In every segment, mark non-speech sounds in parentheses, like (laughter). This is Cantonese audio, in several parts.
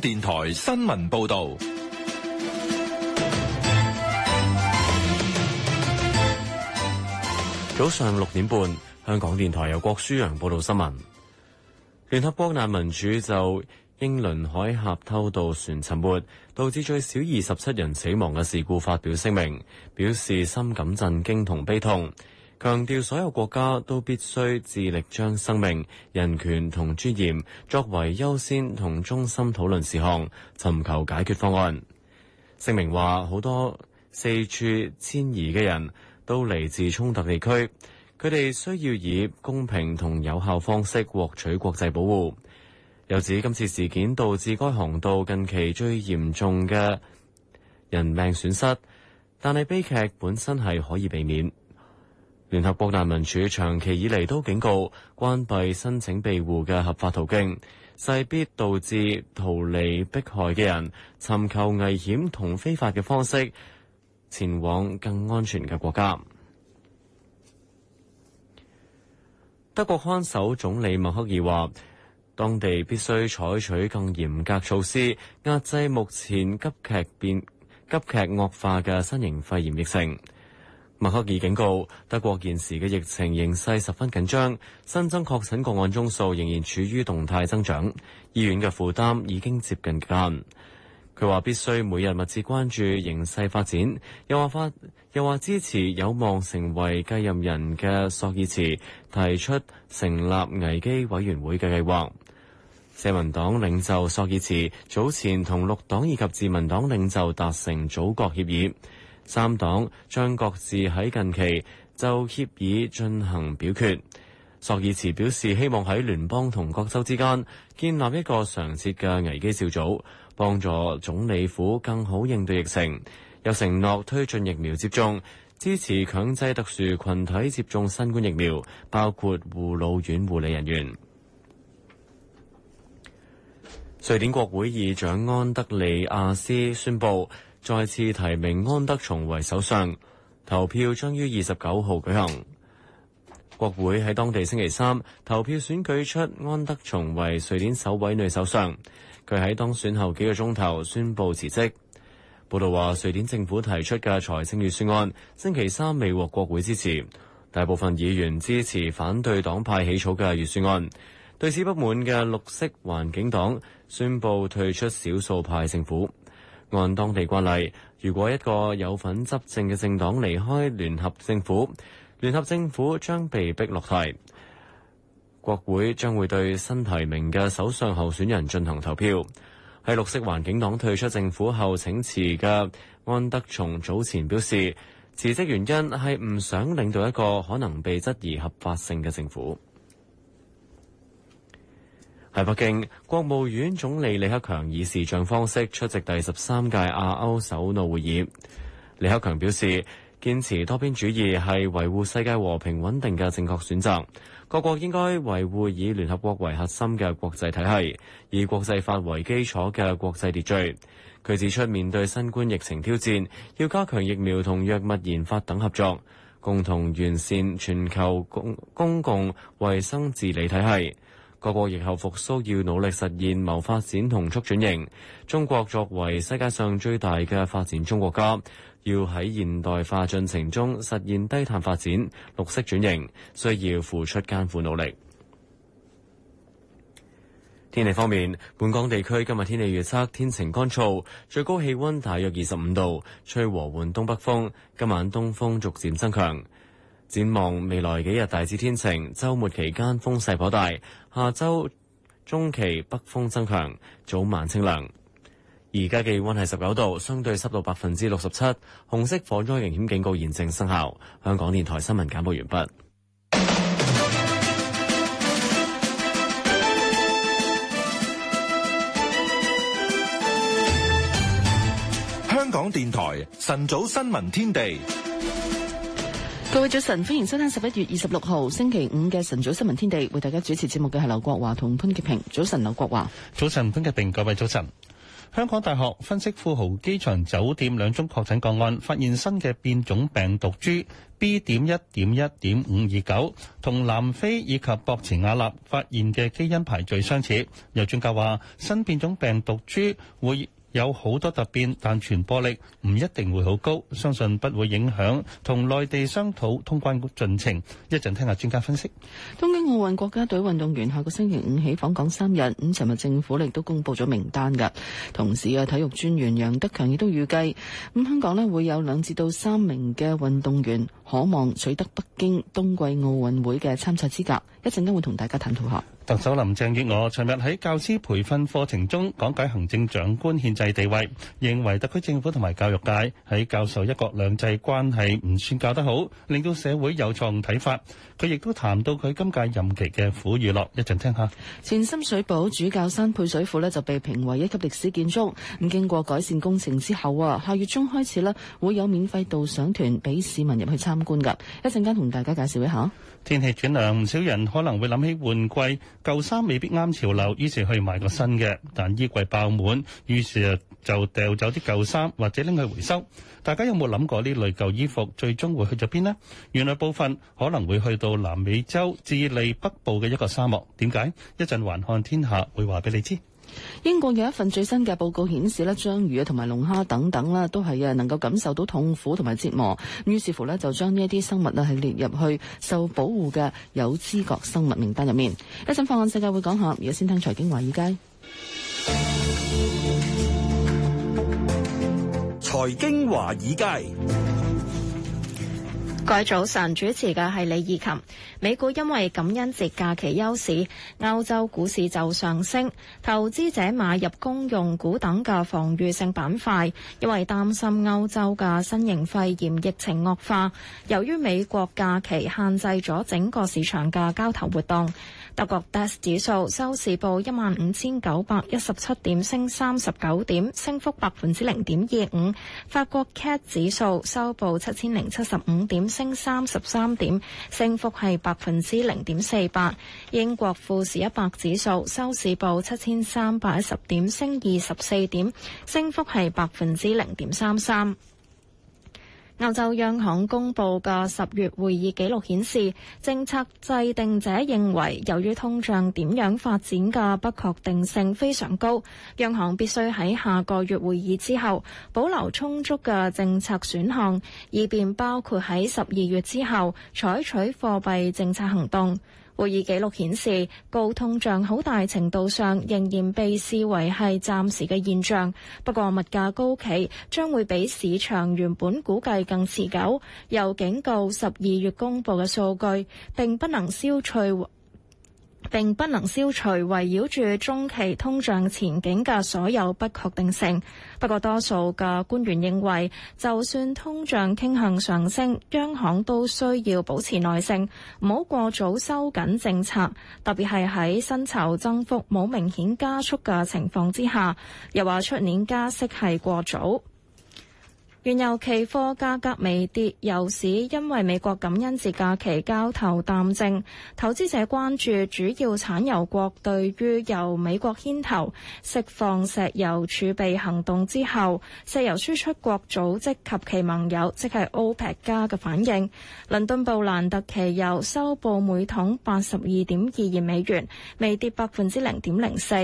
電台新聞報道：早上六點半，香港電台由郭書洋報道新聞。聯合國難民署就英倫海峽偷渡船沉沒，導致最少二十七人死亡嘅事故發表聲明，表示深感震驚同悲痛。強調，強調所有國家都必須致力將生命、人權同尊嚴作為優先同中心討論事項，尋求解決方案。聲明話，好多四處遷移嘅人都嚟自衝突地區，佢哋需要以公平同有效方式獲取國際保護。又指今次事件導致該航道近期最嚴重嘅人命損失，但係悲劇本身係可以避免。聯合國難民署長期以嚟都警告，關閉申請庇護嘅合法途徑，勢必導致逃離迫害嘅人尋求危險同非法嘅方式前往更安全嘅國家。德國看守總理默克爾話，當地必須採取更嚴格措施，壓制目前急劇變、急劇惡化嘅新型肺炎疫情。默克爾警告德國現時嘅疫情形勢十分緊張，新增確診個案宗數仍然處於動態增長，醫院嘅負擔已經接近極限。佢話必須每日密切關注形勢發展，又話發又話支持有望成為繼任人嘅索爾茨提出成立危機委員會嘅計劃，社民黨領袖索爾茨早前同綠黨以及自民黨領袖達成組閣協議。三黨將各自喺近期就協議進行表決。索爾茨表示希望喺聯邦同各州之間建立一個常設嘅危機小組，幫助總理府更好應對疫情。又承諾推進疫苗接種，支持強制特殊群體接種新冠疫苗，包括護老院護理人員。瑞典國會議長安德里亞斯宣布，再次提名安德松為首相，投票將於二十九號舉行。國會喺當地星期三投票選舉出安德松為瑞典首位女首相。佢喺當選後幾個鐘頭宣布辭職。報道話，瑞典政府提出嘅財政預算案星期三未獲國會支持，大部分議員支持反對黨派起草嘅預算案。對此不滿嘅綠色環境黨宣布退出少數派政府。按當地慣例，如果一個有份執政嘅政黨離開聯合政府，聯合政府將被逼落台。國會將會對新提名嘅首相候選人進行投票。喺綠色環境黨退出政府後請辭嘅安德松早前表示，辭職原因係唔想領導一個可能被質疑合法性嘅政府。喺北京，國務院總理李克強以視像方式出席第十三屆亞歐首腦會議，李克強表示，堅持多邊主義係維護世界和平穩定嘅正確選擇，各國應該維護以聯合國為核心嘅國際體系，以國際法為基礎嘅國際秩序。佢指出，面對新冠疫情挑戰要加強疫苗同藥物研發等合作，共同完善全球公公共衛生治理體系。各國疫後復蘇要努力實現謀發展同促轉型。中國作為世界上最大嘅發展中國家，要喺現代化進程中實現低碳發展、綠色轉型，需要付出艱苦努力。天氣方面，本港地區今日天氣預測天晴乾燥，最高氣溫大約二十五度，吹和緩東北風。今晚東風逐漸增強。展望未來幾日大致天晴，周末期間風勢頗大。下周中期北風增強，早晚清涼。而家嘅氣溫係十九度，相對濕度百分之六十七，紅色火災危險警告現正生效。香港電台新聞簡報完畢。香港電台晨早新聞天地。各位早晨，歡迎收聽十一月二十六號星期五嘅晨早新聞天地，為大家主持節目嘅係劉國華同潘潔平。早晨，劉國華。早晨，潘潔平。各位早晨。香港大學分析富豪機場酒店兩宗確診個案，發現新嘅變種病毒株 B. 點一點一點五二九，同南非以及博茨瓦納發現嘅基因排序相似。有專家話，新變種病毒株會。有好多突變，但傳播力唔一定會好高，相信不會影響同內地商討通關進程，一陣聽下專家分析。東京奧運國家隊運動員下個星期五起訪港三日，咁尋日政府亦都公布咗名單㗎。同時啊，體育專員楊德強亦都預計，咁香港咧會有兩至到三名嘅運動員可望取得北京冬季奧運會嘅參賽資格。一陣間會同大家探討下。特首林鄭月娥尋日喺教師培訓課程中講解行政長官憲制地位，認為特區政府同埋教育界喺教授一國兩制關係唔算教得好，令到社會有錯誤睇法。佢亦都談到佢今屆任期嘅苦與樂，一陣聽下。前深水埗主教山配水庫呢就被評為一級歷史建築。咁經過改善工程之後啊，下月中開始呢會有免費導賞團俾市民入去參觀噶。一陣間同大家介紹一下。天氣轉涼，唔少人可能會諗起換季，舊衫未必啱潮流，於是去買個新嘅。但衣櫃爆滿，於是就掉走啲舊衫，或者拎去回收。大家有冇諗過呢類舊衣服最終會去咗邊呢？原來部分可能會去到南美洲智利北部嘅一個沙漠。點解？一陣環看天下會話俾你知。英國有一份最新嘅報告顯示咧，章魚啊同埋龍蝦等等啦，都係啊能夠感受到痛苦同埋折磨，於是乎咧就將呢一啲生物啊係列入去受保護嘅有知覺生物名單入面。一陣放眼世界會講下，而家先聽財經華爾街。財經華爾街。各位早晨，主持嘅係李以琴。美股因為感恩節假期休市，歐洲股市就上升。投資者買入公用股等嘅防禦性板塊，因為擔心歐洲嘅新型肺炎疫情惡化。由於美國假期限制咗整個市場嘅交投活動。德國 DAX 指數收市報一萬五千九百一十七點，升三十九點，升幅百分之零點二五。法國 CAC 指數收報七千零七十五點，升三十三點，升幅係百分之零點四八。英國富時一百指數收市報七千三百一十點，升二十四點，升幅係百分之零點三三。歐洲央行公布嘅十月會議記錄顯示，政策制定者認為，由於通脹點樣發展嘅不確定性非常高，央行必須喺下個月會議之後保留充足嘅政策選項，以便包括喺十二月之後採取貨幣政策行動。會議記錄顯示，高通脹好大程度上仍然被視為係暫時嘅現象。不過，物價高企將會比市場原本估計更持久。又警告十二月公佈嘅數據並不能消除。並不能消除圍繞住中期通脹前景嘅所有不確定性。不過，多數嘅官員認為，就算通脹傾向上升，央行都需要保持耐性，唔好過早收緊政策，特別係喺薪酬增幅冇明顯加速嘅情況之下，又話出年加息係過早。原油期貨價格微跌，油市因為美國感恩節假期交投淡靜，投資者關注主要產油國對於由美國牽頭釋放石油儲備行動之後，石油輸出國組織及其盟友即係 OPEC 加嘅反應，倫敦布蘭特期油收報每桶八十二點二二美元，微跌百分之零點零四。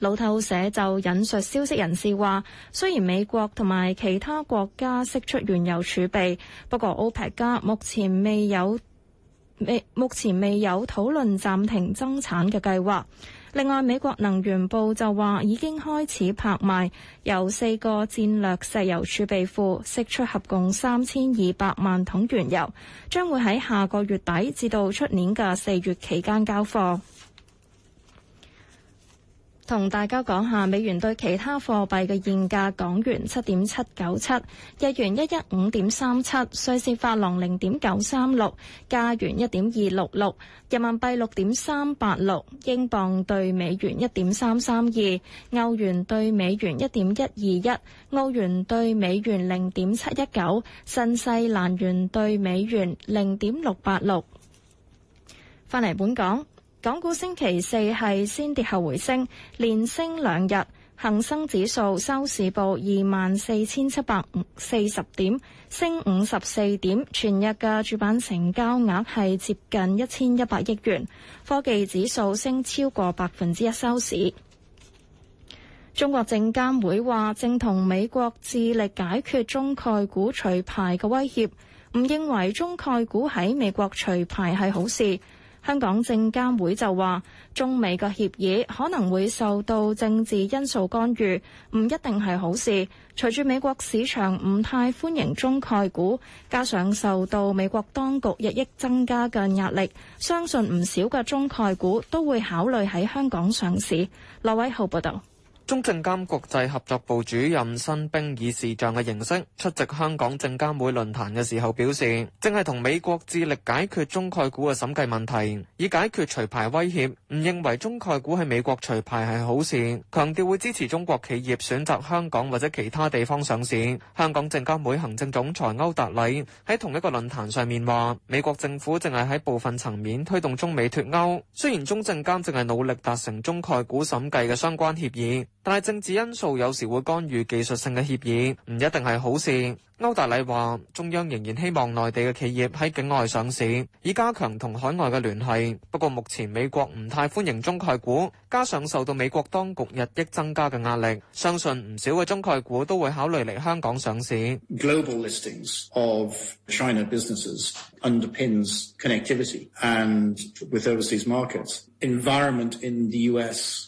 路透社就引述消息人士話，雖然美國同埋其他國家釋出原油儲備，不過 OPEC 家目前未有未目前未有討論暫停增產嘅計劃，另外，美國能源部就話已經開始拍賣由四個戰略石油儲備庫釋出合共三千二百萬桶原油，將會喺下個月底至到出年嘅四月期間交貨。同大家講下美元對其他貨幣嘅現價：港元七點七九七，日元一一五點三七，瑞士法郎零點九三六，加元一點二六六，人民幣六點三八六，英鎊對美元一點三三二，歐元對美元一點一二一，澳元對美元零點七一九，新西蘭元對美元零點六八六。翻嚟本港。港股星期四係先跌後回升，連升兩日。恒生指數收市報二萬四千七百四十點升五十四點，全日嘅主板成交額係接近一千一百億元。科技指數升超過百分之一收市。中國證監會話正同美國致力解決中概股除牌嘅威脅，唔認為中概股喺美國除牌係好事。香港證監會就話，中美嘅協議可能會受到政治因素干預，唔一定係好事。隨住美國市場唔太歡迎中概股，加上受到美國當局日益增加嘅壓力，相信唔少嘅中概股都會考慮喺香港上市。羅偉豪報道。中證監國際合作部主任申兵以視像嘅形式出席香港證監會論壇嘅時候，表示正係同美國致力解決中概股嘅審計問題，以解決除牌威脅。唔認為中概股喺美國除牌係好事，強調會支持中國企業選擇香港或者其他地方上市。香港證監會行政總裁歐達禮喺同一個論壇上面話，美國政府正係喺部分層面推動中美脫歐，雖然中證監正係努力達成中概股審計嘅相關協議。但係政治因素有時會干預技術性嘅協議，唔一定係好事。歐大禮話：中央仍然希望內地嘅企業喺境外上市，以加強同海外嘅聯繫。不過目前美國唔太歡迎中概股，加上受到美國當局日益增加嘅壓力，相信唔少嘅中概股都會考慮嚟香港上市。Global listings of Chinese businesses underpins connectivity and with overseas markets environment in the US.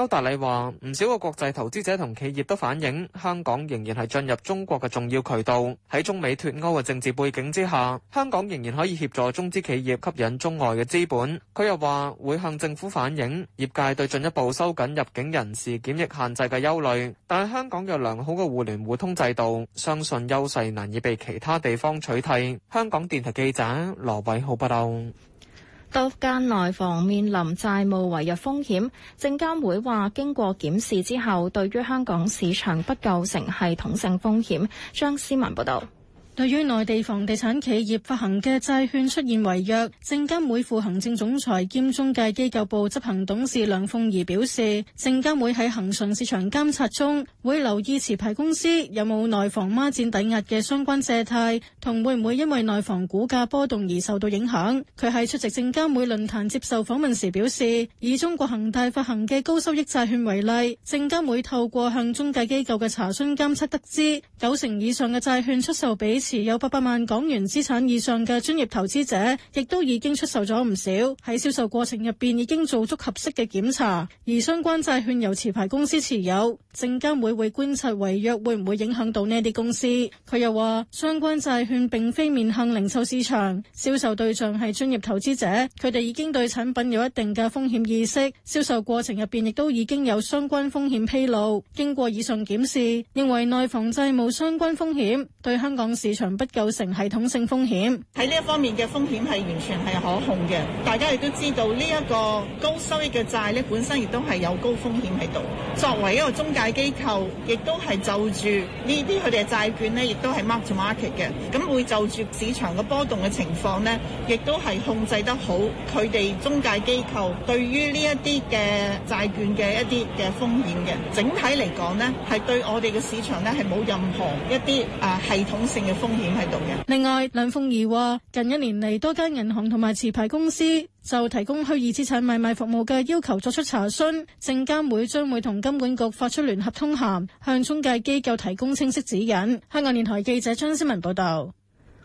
歐大禮話：唔少嘅國際投資者同企業都反映，香港仍然係進入中國嘅重要渠道。喺中美脫歐嘅政治背景之下，香港仍然可以協助中資企業吸引中外嘅資本。佢又話會向政府反映業界對進一步收緊入境人士檢疫限制嘅憂慮，但係香港有良好嘅互聯互通制度，相信優勢難以被其他地方取替。香港電台記者羅偉浩報道。多間內房面臨債務違約風險，證監會話經過檢視之後，對於香港市場不構成系統性風險。張思文報道。對於內地房地產企業發行嘅債券出現違約，證監會副行政總裁兼中介機構部執行董事梁鳳儀表示，證監會喺恒順市場監察中會留意持牌公司有冇內房孖展抵押嘅相關借貸，同會唔會因為內房股價波動而受到影響。佢喺出席證監會論壇接受訪問時表示，以中國恒大發行嘅高收益債券為例，證監會透過向中介機構嘅查詢監察得知，九成以上嘅債券出售俾。持有八百萬港元資產以上嘅專業投資者，亦都已經出售咗唔少。喺銷售過程入邊已經做足合適嘅檢查，而相關債券由持牌公司持有，證監會會觀察違約會唔會影響到呢啲公司。佢又話，相關債券並非面向零售市場，銷售對象係專業投資者，佢哋已經對產品有一定嘅風險意識。銷售過程入邊亦都已經有相關風險披露，經過以上檢視，認為內房制冇相關風險，對香港市。市場不構成系統性風險，喺呢一方面嘅風險係完全係可控嘅。大家亦都知道呢一個高收益嘅債咧，本身亦都係有高風險喺度。作為一個中介機構，亦都係就住呢啲佢哋嘅債券咧，亦都係 market market 嘅。咁會就住市場嘅波動嘅情況咧，亦都係控制得好。佢哋中介機構對於呢一啲嘅債券嘅一啲嘅風險嘅整體嚟講咧，係對我哋嘅市場咧，係冇任何一啲啊系統性嘅風險。風險喺度嘅。另外，梁鳳儀話：近一年嚟，多間銀行同埋持牌公司就提供虛擬資產買賣服務嘅要求作出查詢，證監會將會同金管局發出聯合通函，向中介機構提供清晰指引。香港電台記者張思文報道。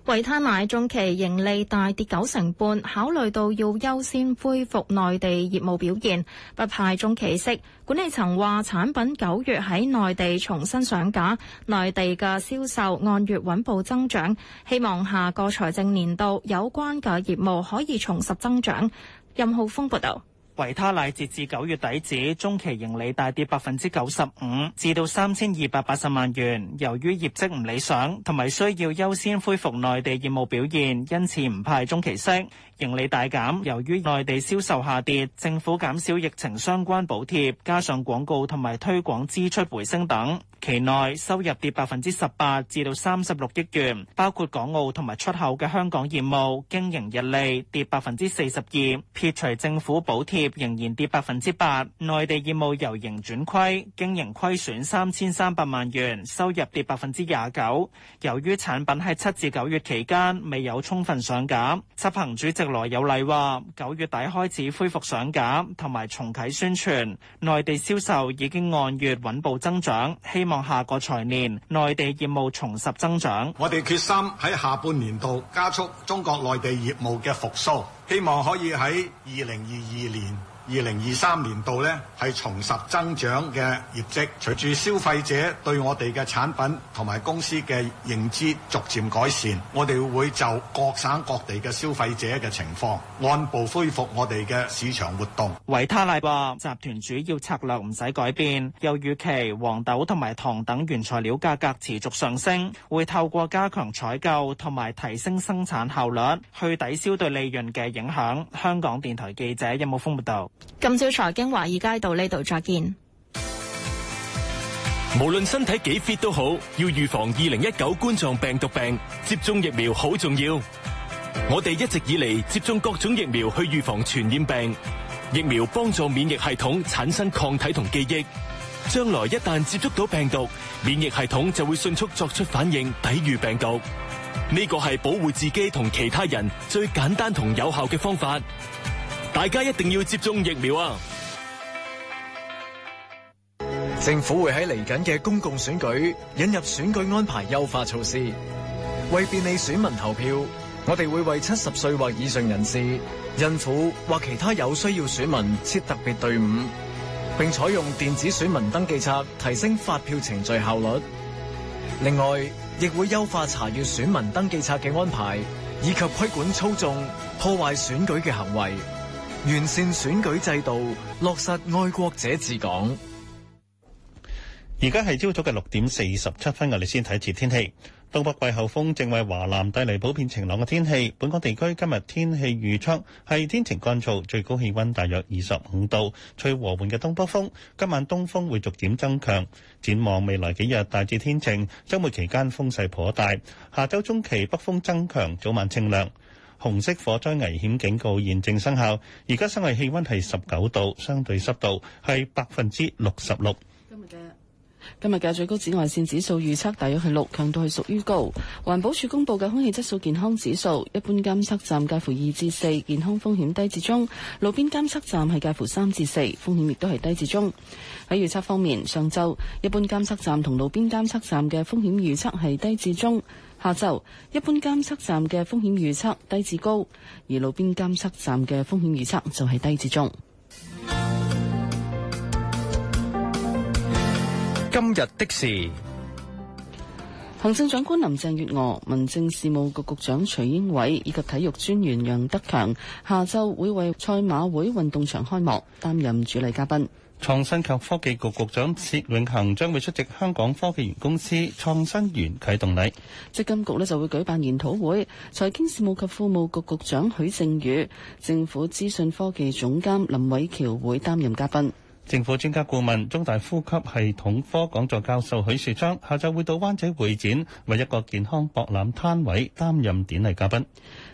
維他奶中期盈利大跌九成半，考慮到要優先恢復內地業務表現，不派中期息。管理層話，產品九月喺內地重新上架，內地嘅銷售按月穩步增長，希望下個財政年度有關嘅業務可以重拾增長。任浩峰報道。維他奶截至九月底止中期盈利大跌百分之九十五，至到三千二百八十萬元。由於業績唔理想，同埋需要優先恢復內地業務表現，因此唔派中期息。盈利大減，由於內地銷售下跌，政府減少疫情相關補貼，加上廣告同埋推廣支出回升等。期內收入跌百分之十八，至到三十六億元，包括港澳同埋出口嘅香港業務，經營溢利跌百分之四十二，撇除政府補貼，仍然跌百分之八。內地業務由盈轉虧，經營虧損三千三百萬元，收入跌百分之廿九。由於產品喺七至九月期間未有充分上架，執行主席羅友禮話：九月底開始恢復上架同埋重啟宣傳，內地銷售已經按月穩步增長，希望。下個財年，內地業務重拾增長。我哋決心喺下半年度加速中國內地業務嘅復甦，希望可以喺二零二二年。二零二三年度呢，係重拾增長嘅業績，隨住消費者對我哋嘅產品同埋公司嘅認知逐漸改善，我哋會就各省各地嘅消費者嘅情況按步恢復我哋嘅市場活動。維他奶話集團主要策略唔使改變，又預期黃豆同埋糖等原材料價格持續上升，會透過加強採購同埋提升生產效率去抵消對利潤嘅影響。香港電台記者任木峯報道。今朝財經華爾街到呢度再見。無論身體幾 fit 都好，要預防二零一九冠狀病毒病，接種疫苗好重要。我哋一直以嚟接種各種疫苗去預防傳染病，疫苗幫助免疫系統產生抗體同記憶，將來一旦接觸到病毒，免疫系統就會迅速作出反應，抵禦病毒。呢個係保護自己同其他人最簡單同有效嘅方法。大家一定要接種疫苗啊！政府會喺嚟緊嘅公共選舉引入選舉安排優化措施，為便利選民投票，我哋會為七十歲或以上人士、孕婦或其他有需要選民設特別隊伍，並採用電子選民登記冊提升發票程序效率。另外，亦會優化查閱選民登記冊嘅安排，以及規管操縱破壞選舉嘅行為。完善選舉制度，落實愛國者治港。而家係朝早嘅六點四十七分，我哋先睇次天氣。東北季候風正為華南帶嚟普遍晴朗嘅天氣。本港地區今日天氣預測係天晴乾燥，最高氣溫大約二十五度，吹和緩嘅東北風。今晚東風會逐漸增強，展望未來幾日大致天晴，周末期間風勢頗大。下周中期北風增強，早晚清涼。紅色火災危險警告現正生效。而家室外氣溫係十九度，相對濕度係百分之六十六。今日嘅今日嘅最高紫外線指數預測大約係六，強度係屬於高。環保署公布嘅空氣質素健康指數，一般監測站介乎二至四，健康風險低至中；路邊監測站係介乎三至四，風險亦都係低至中。喺預測方面，上周一般監測站同路邊監測站嘅風險預測係低至中。下晝一般監測站嘅風險預測低至高，而路邊監測站嘅風險預測就係低至中。今日的事，行政長官林鄭月娥、民政事務局局，局長徐英偉以及體育專員楊德強下晝會為賽馬會運動場開幕擔任主禮嘉賓。創新及科技局局長薛永恒將會出席香港科技園公司創新園啟動禮。積金局咧就會舉辦研討會，財經事務及庫務局局，局長許正宇、政府資訊科技總監林偉喬會擔任嘉賓。政府專家顧問、中大呼吸系統科講座教授許樹昌下晝會到灣仔會展，為一個健康博覽攤位擔任典禮嘉賓。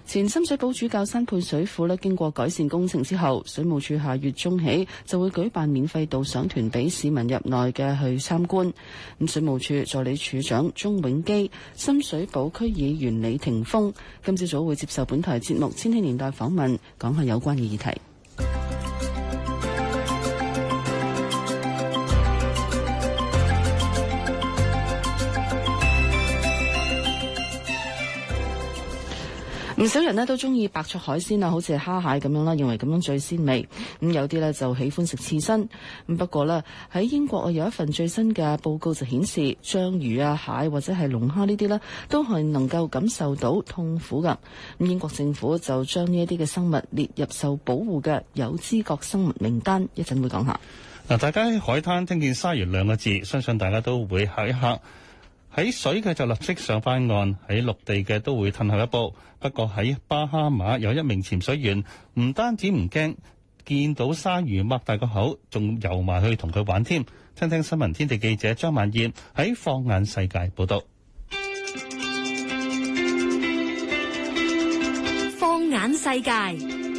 前深水埗主教山配水庫呢，經過改善工程之後，水務處下月中起就會舉辦免費導賞團俾市民入內嘅去參觀。咁水務處助理處長鍾永基、深水埗區議員李霆鋒，今朝早會接受本台節目《千禧年代》訪問，講下有關嘅議題。唔少人呢都中意白灼海鮮啊，好似係蝦蟹咁樣啦，認為咁樣最鮮味。咁有啲呢就喜歡食刺身。咁不過呢，喺英國啊，有一份最新嘅報告就顯示，章魚啊、蟹或者係龍蝦呢啲呢，都係能夠感受到痛苦㗎。咁英國政府就將呢一啲嘅生物列入受保護嘅有知覺生物名單。一陣會講下。嗱，大家喺海灘聽見鯊魚兩個字，相信大家都會嚇一嚇。喺水嘅就立即上翻岸，喺陸地嘅都會褪後一步。不過喺巴哈馬有一名潛水員，唔單止唔驚，見到鯊魚擘大個口，仲遊埋去同佢玩添。聽聽新聞天地記者張曼燕喺放眼世界報道。放眼世界。報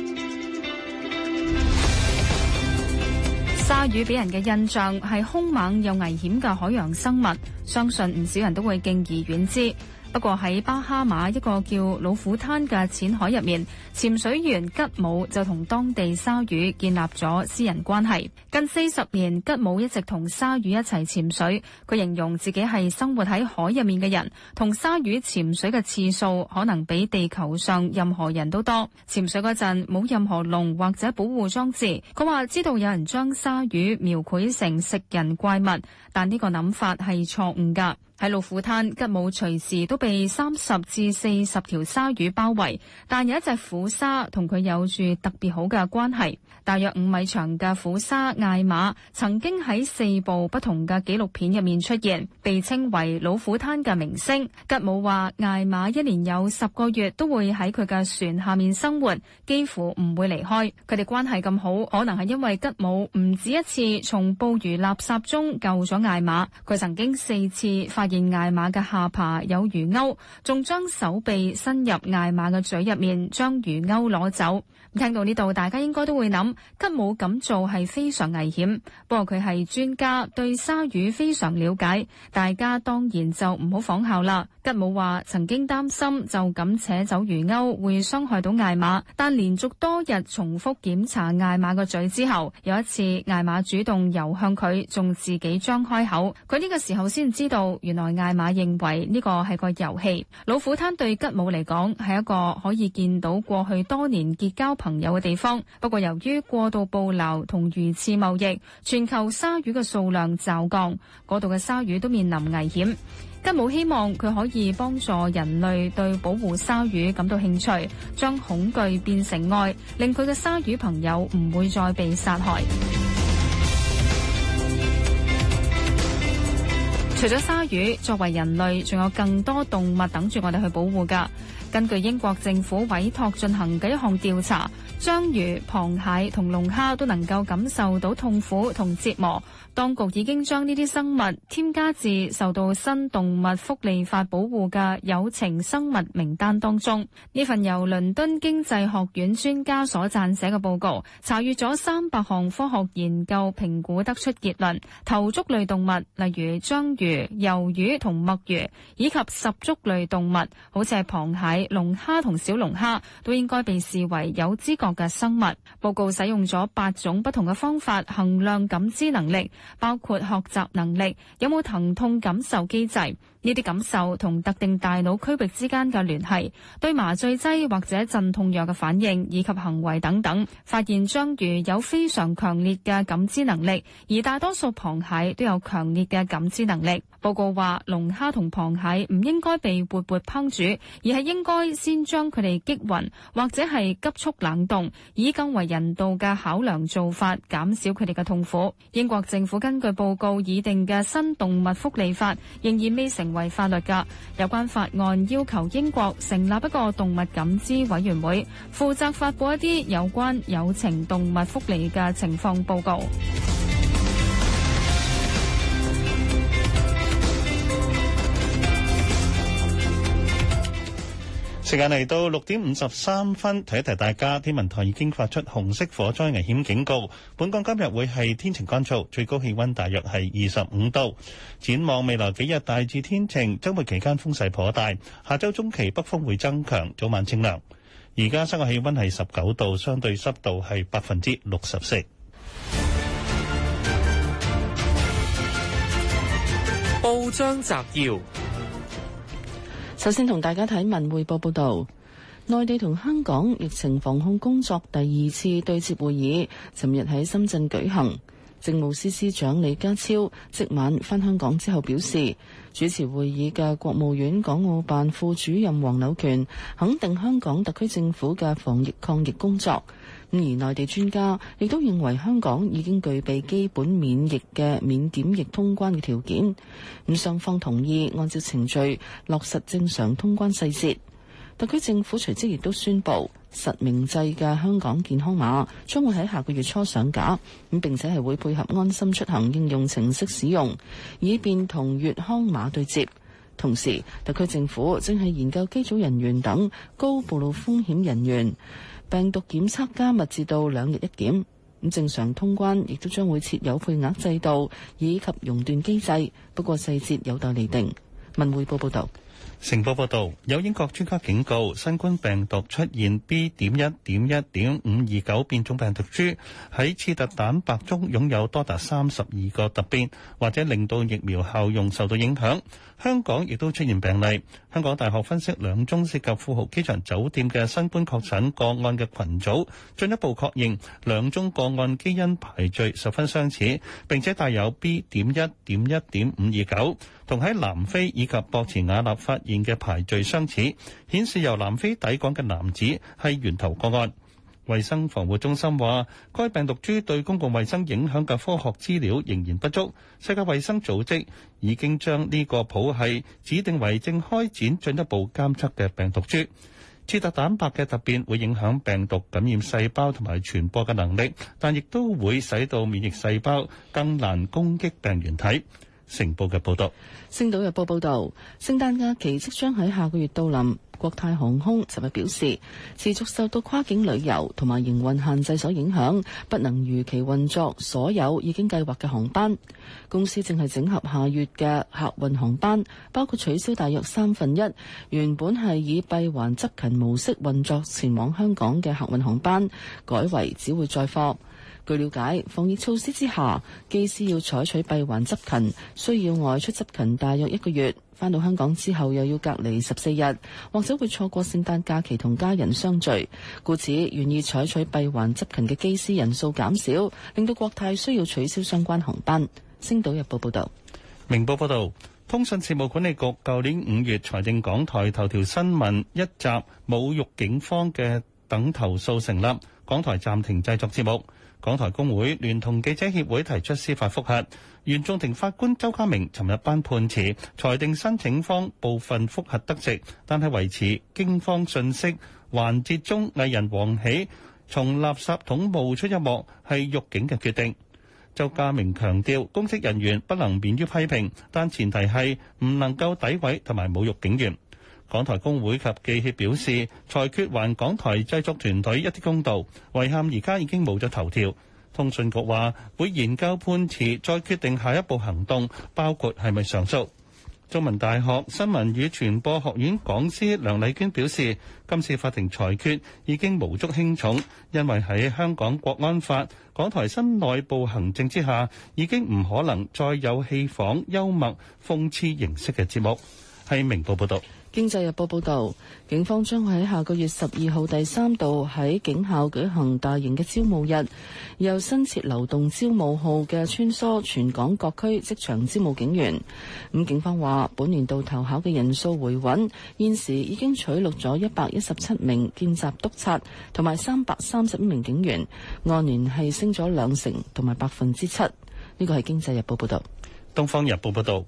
鯊魚俾人嘅印象係兇猛又危險嘅海洋生物，相信唔少人都會敬而遠之。不過喺巴哈馬一個叫老虎灘嘅淺海入面，潛水員吉姆就同當地鯊魚建立咗私人關係。近四十年，吉姆一直同鯊魚一齊潛水。佢形容自己係生活喺海入面嘅人，同鯊魚潛水嘅次數可能比地球上任何人都多。潛水嗰陣冇任何籠或者保護裝置。佢話知道有人將鯊魚描繪成食人怪物，但呢個諗法係錯誤㗎。喺老虎灘，吉姆隨時都被三十至四十條鯊魚包圍，但有一隻虎鯊同佢有住特別好嘅關係。大約五米長嘅虎鯊艾瑪曾經喺四部不同嘅紀錄片入面出現，被稱為老虎灘嘅明星。吉姆話艾瑪一年有十個月都會喺佢嘅船下面生活，幾乎唔會離開，佢哋關係咁好，可能係因為吉姆唔止一次從捕魚垃圾中救咗艾瑪，佢曾經四次發現見艾瑪嘅下巴有魚鈎，仲將手臂伸入艾瑪嘅嘴入面，將魚鈎攞走。聽到呢度，大家應該都會諗吉姆咁做係非常危險，不過佢係專家，對鯊魚非常了解，大家當然就唔好仿效啦。吉姆話曾經擔心就咁扯走魚鈎會傷害到艾瑪，但連續多日重複檢查艾瑪個嘴之後，有一次艾瑪主動游向佢，仲自己張開口，佢呢個時候先知道原來艾瑪認為呢個係個遊戲。老虎灘對吉姆嚟講係一個可以見到過去多年結交朋友嘅地方，不過由於過度捕撈同魚翅貿易，全球鯊魚嘅數量驟降，嗰度嘅鯊魚都面臨危險。吉姆希望佢可以幫助人類對保護鯊魚感到興趣，將恐懼變成愛，令佢嘅鯊魚朋友唔會再被殺害。除咗鯊魚，作為人類，仲有更多動物等住我哋去保護㗎。根據英國政府委託進行嘅一項調查，章魚、螃蟹同龍蝦都能夠感受到痛苦同折磨。當局已經將呢啲生物添加至受到《新動物福利法》保護嘅有情生物名單當中。呢份由倫敦經濟學院專家所撰寫嘅報告，查閲咗三百項科學研究，評估得出結論：頭足類動物，例如章魚、魷魚同墨魚，以及十足類動物，好似係螃蟹、龍蝦同小龍蝦，都應該被視為有知覺嘅生物。報告使用咗八種不同嘅方法衡量感知能力。包括學習能力、有冇疼痛感受機制。呢啲感受同特定大腦區域之間嘅聯繫，對麻醉劑或者鎮痛藥嘅反應以及行為等等，發現章魚有非常強烈嘅感知能力，而大多數螃蟹都有強烈嘅感知能力。報告話，龍蝦同螃蟹唔應該被活活烹煮，而係應該先將佢哋擊暈或者係急速冷凍，以更為人道嘅考量做法減少佢哋嘅痛苦。英國政府根據報告擬定嘅新動物福利法，仍然未成。為法律嘅，有關法案要求英國成立一個動物感知委員會，負責發佈一啲有關有情動物福利嘅情況報告。時間嚟到六點五十三分，提一提大家，天文台已經發出紅色火災危險警告。本港今日會係天晴乾燥，最高氣溫大約係二十五度。展望未來幾日大致天晴，周末期間風勢頗大。下周中期北風會增強，早晚清涼。而家室外氣溫係十九度，相對濕度係百分之六十四。報章摘要。首先同大家睇文匯報報道，內地同香港疫情防控工作第二次對接會議，尋日喺深圳舉行。政務司司長李家超即晚返香港之後表示，主持會議嘅國務院港澳辦副主任黃柳權肯定香港特區政府嘅防疫抗疫工作。而內地專家亦都認為香港已經具備基本免疫嘅免檢疫通關嘅條件，咁雙方同意按照程序落實正常通關細節。特區政府隨即亦都宣布實名制嘅香港健康碼將會喺下個月初上架，咁並且係會配合安心出行應用程式使用，以便同粵康碼對接。同時，特區政府正係研究機組人員等高暴露風險人員病毒檢測加密至到兩日一檢，咁正常通關亦都將會設有配額制度以及熔斷機制，不過細節有待釐定。文匯報報道。成報報道，有英國專家警告，新冠病毒出現 B. 點一點一點五二九變種病毒株，喺刺突蛋白中擁有多達三十二個突變，或者令到疫苗效用受到影響。香港亦都出現病例。香港大學分析兩宗涉及富豪機場酒店嘅新冠確診個案嘅群組，進一步確認兩宗個案基因排序十分相似，並且帶有 B. 點一點一點五二九。同喺南非以及博茨瓦納發現嘅排序相似，顯示由南非抵港嘅男子係源頭個案。衛生防護中心話，該病毒株對公共衛生影響嘅科學資料仍然不足。世界衛生組織已經將呢個譜系指定為正開展進一步監測嘅病毒株。刺突蛋白嘅突變會影響病毒感染細胞同埋傳播嘅能力，但亦都會使到免疫細胞更難攻擊病原體。成報嘅報導，《星島日報》報道：聖誕假期即將喺下個月到臨，國泰航空尋日表示，持續受到跨境旅遊同埋營運限制所影響，不能如期運作所有已經計劃嘅航班。公司正係整合下月嘅客運航班，包括取消大約三分一原本係以閉環執勤模式運作前往香港嘅客運航班，改為只會載貨。據了解，防疫措施之下，機師要採取閉環執勤，需要外出執勤大約一個月，返到香港之後又要隔離十四日，或者會錯過聖誕假期同家人相聚，故此願意採取閉環執勤嘅機師人數減少，令到國泰需要取消相關航班。《星島日報》報道，《明報》報道，通訊事務管理局舊年五月裁定港台頭條新聞一集侮辱警方嘅等投訴成立，港台暫停製作節目。港台工會聯同記者協會提出司法複核，原訟庭法官周家明尋日頒判詞，裁定申請方部分複核得直，但係維持警方訊息環節中藝人王喜從垃圾桶冒出一幕係辱警嘅決定。周家明強調，公職人員不能免於批評，但前提係唔能夠詆毀同埋侮辱警員。港台工會及記協表示，裁決還港台製作團隊一啲公道，遺憾而家已經冇咗頭條。通訊局話會研究判詞，再決定下一步行動，包括係咪上訴。中文大學新聞與傳播學院講師梁麗娟表示，今次法庭裁決已經無足輕重，因為喺香港國安法、港台新內部行政之下，已經唔可能再有戲仿、幽默、諷刺形式嘅節目。係明報報道。經濟日報報道，警方將會喺下個月十二號第三度喺警校舉行大型嘅招募日，又新設流動招募號嘅穿梭全港各區職場招募警員。咁、嗯、警方話，本年度投考嘅人數回穩，現時已經取錄咗一百一十七名見習督，督，督察同埋三百三十一名警員，按年係升咗兩成同埋百分之七。呢、這個係經濟日報報道，東方日報報道。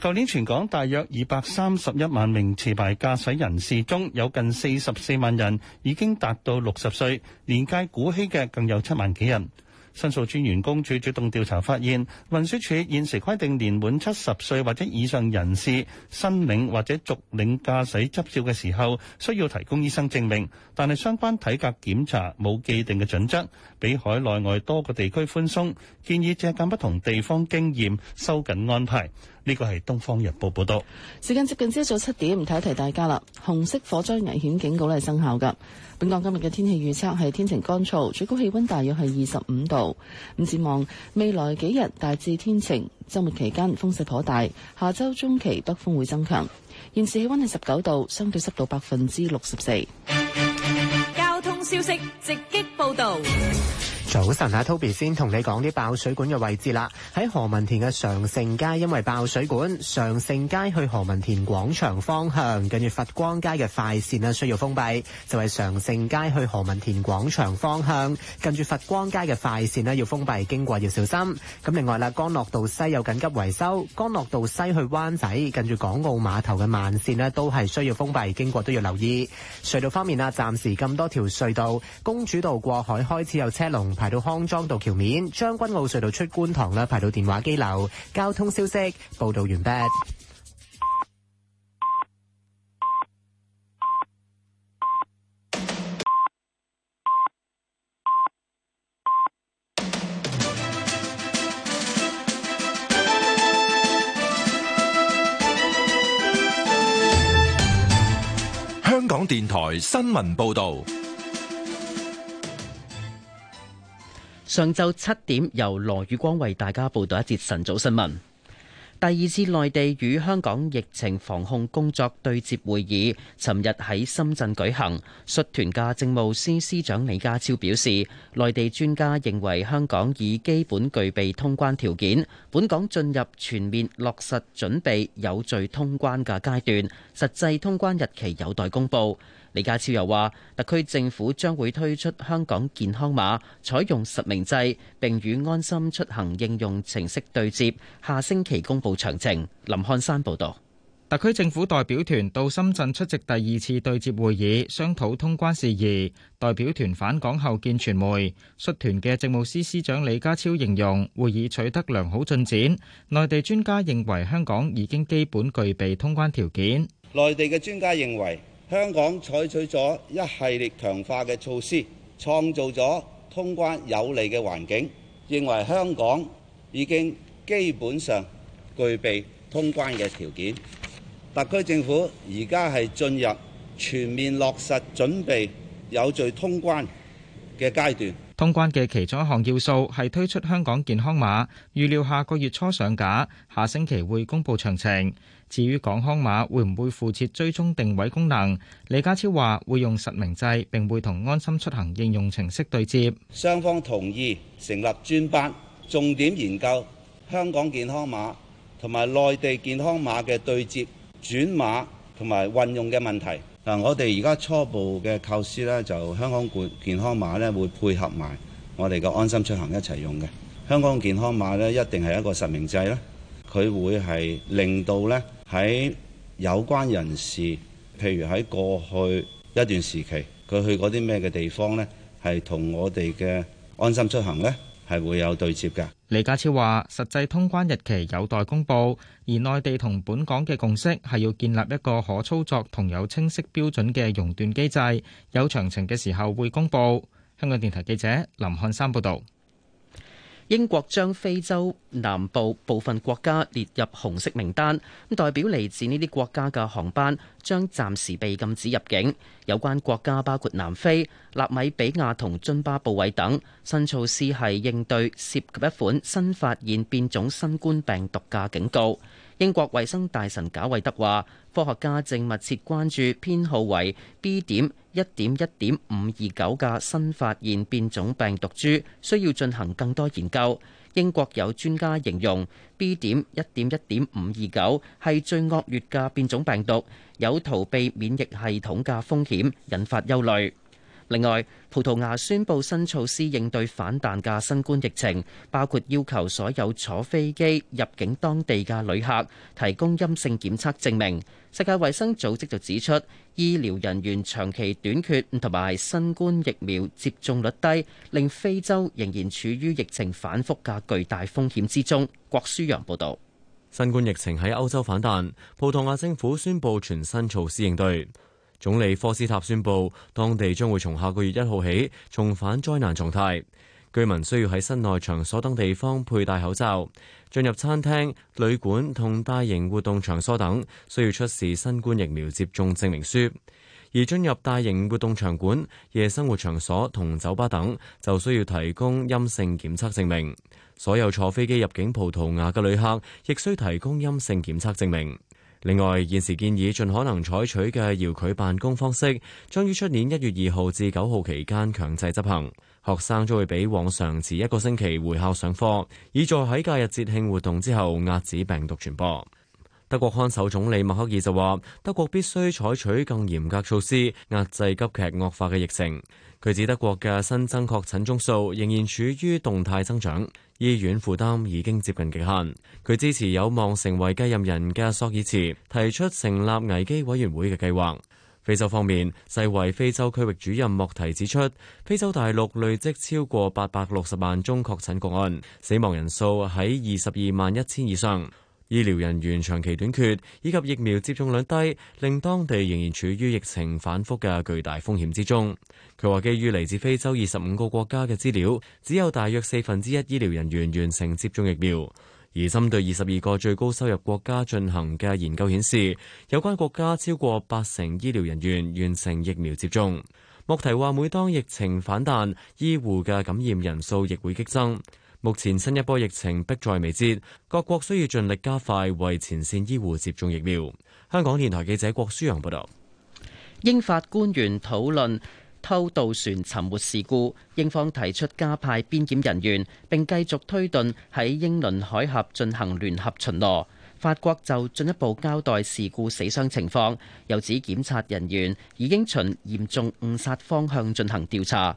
舊年全港大約二百三十一萬名持牌駕駛人士中，有近四十四萬人已經達到六十歲，年屆古稀嘅更有七萬幾人。申訴專員公署主動調查發現，運輸署現時規定年滿七十歲或者以上人士申領或者續領駕駛執照嘅時候，需要提供醫生證明，但係相關體格檢查冇既定嘅準則，比海內外多個地區寬鬆。建議借鑑不同地方經驗，收緊安排。呢個係《東方日報》報道。時間接近朝早七點，提一提大家啦。紅色火災危險警告係生效噶。本港今日嘅天氣預測係天晴乾燥，最高氣溫大約係二十五度。唔展望未來幾日大致天晴，週末期間風勢頗大，下週中期北風會增強。現時氣溫係十九度，相對濕度百分之六十四。交通消息直擊報道。早晨啊，Toby 先同你講啲爆水管嘅位置啦。喺何文田嘅常盛街，因為爆水管，常盛街去何文田廣場方向，近住佛光街嘅快線咧需要封閉，就係常盛街去何文田廣場方向，近住佛光街嘅快線咧要封閉，經過要小心。咁另外啦，干諾道西有緊急維修，干諾道西去灣仔，近住港澳碼頭嘅慢線咧都係需要封閉，經過都要留意。隧道方面啦，暫時咁多條隧道，公主道過海開始有車龍。排到康莊道橋面，將軍澳隧道出觀塘啦，排到電話機樓。交通消息報道完畢。香港電台新聞報道。上晝七點，由羅宇光為大家報道一節晨早新聞。第二次內地與香港疫情防控工作對接會議，尋日喺深圳舉行。率團嘅政務司司長李家超表示，內地專家認為香港已基本具備通關條件，本港進入全面落實準備有序通關嘅階段，實際通關日期有待公佈。李家超又話，特區政府將會推出香港健康碼，採用實名制，並與安心出行應用程式對接，下星期公布詳情。林漢山報導，特區政府代表團到深圳出席第二次對接會議，商討通關事宜。代表團返港後見傳媒，率團嘅政務司司長李家超形容會議取得良好進展。內地專家認為香港已經基本具備通關條件。內地嘅專家認為。香港採取咗一系列強化嘅措施，創造咗通關有利嘅環境，認為香港已經基本上具備通關嘅條件。特區政府而家係進入全面落實準備有序通關嘅階段。通關嘅其中一項要素係推出香港健康碼，預料下個月初上架，下星期會公布詳情。至於港康碼會唔會附設追蹤定位功能？李家超話會用實名制，並會同安心出行應用程式對接。雙方同意成立專班，重點研究香港健康碼同埋內地健康碼嘅對接、轉碼同埋運用嘅問題。嗱，我哋而家初步嘅構思咧，就香港健健康碼咧會配合埋我哋嘅安心出行一齊用嘅。香港健康碼咧一定係一個實名制啦，佢會係令到咧。喺有關人士，譬如喺過去一段時期，佢去嗰啲咩嘅地方呢？係同我哋嘅安心出行呢，係會有對接嘅。李家超話，實際通關日期有待公布，而內地同本港嘅共識係要建立一個可操作同有清晰標準嘅熔斷機制，有詳情嘅時候會公布。香港電台記者林漢山報道。英國將非洲南部部分國家列入紅色名單，咁代表嚟自呢啲國家嘅航班將暫時被禁止入境。有關國家包括南非、納米比亞同津巴布韋等。新措施係應對涉及一款新發現變種新冠病毒嘅警告。英國衛生大臣賈維德話：科學家正密切關注編號為 B 點一點一點五二九嘅新發現變種病毒株，需要進行更多研究。英國有專家形容 B 點一點一點五二九係最惡劣嘅變種病毒，有逃避免疫系統嘅風險，引發憂慮。另外，葡萄牙宣布新措施應對反彈嘅新冠疫情，包括要求所有坐飛機入境當地嘅旅客提供陰性檢測證明。世界衛生組織就指出，醫療人員長期短缺同埋新冠疫苗接種率低，令非洲仍然處於疫情反覆嘅巨大風險之中。郭舒陽報道。新冠疫情喺歐洲反彈，葡萄牙政府宣布全新措施應對。總理科斯塔宣布，當地將會從下個月一號起重返災難狀態。居民需要喺室內場所等地方佩戴口罩，進入餐廳、旅館同大型活動場所等，需要出示新冠疫苗接種證明書。而進入大型活動場館、夜生活場所同酒吧等，就需要提供陰性檢測證明。所有坐飛機入境葡萄牙嘅旅客，亦需提供陰性檢測證明。另外，現時建議盡可能採取嘅遙距辦公方式，將於出年一月二號至九號期間強制執行。學生將會比往常遲一個星期回校上課，以助喺假日節慶活動之後壓止病毒傳播。德國看守總理默克爾就話，德國必須採取更嚴格措施，壓制急劇惡化嘅疫情。佢指德國嘅新增確診宗數仍然處於動態增長，醫院負擔已經接近極限。佢支持有望成為繼任人嘅索爾茨，提出成立危機委員會嘅計劃。非洲方面，世衛非洲區域主任莫提指出，非洲大陸累積超過八百六十萬宗確診個案，死亡人數喺二十二萬一千以上。醫療人員長期短缺，以及疫苗接種率低，令當地仍然處於疫情反覆嘅巨大風險之中。佢話：基於嚟自非洲二十五個國家嘅資料，只有大約四分之一醫療人員完成接種疫苗。而針對二十二個最高收入國家進行嘅研究顯示，有關國家超過八成醫療人員完成疫苗接種。莫提話：每當疫情反彈，醫護嘅感染人數亦會激增。目前新一波疫情迫在眉睫，各國需要盡力加快為前線醫護接種疫苗。香港電台記者郭舒陽報道。英法官員討論偷渡船沉沒事故，英方提出加派邊檢人員，並繼續推動喺英倫海峽進行聯合巡邏。法國就進一步交代事故死傷情況，又指檢察人員已經循嚴重誤殺方向進行調查。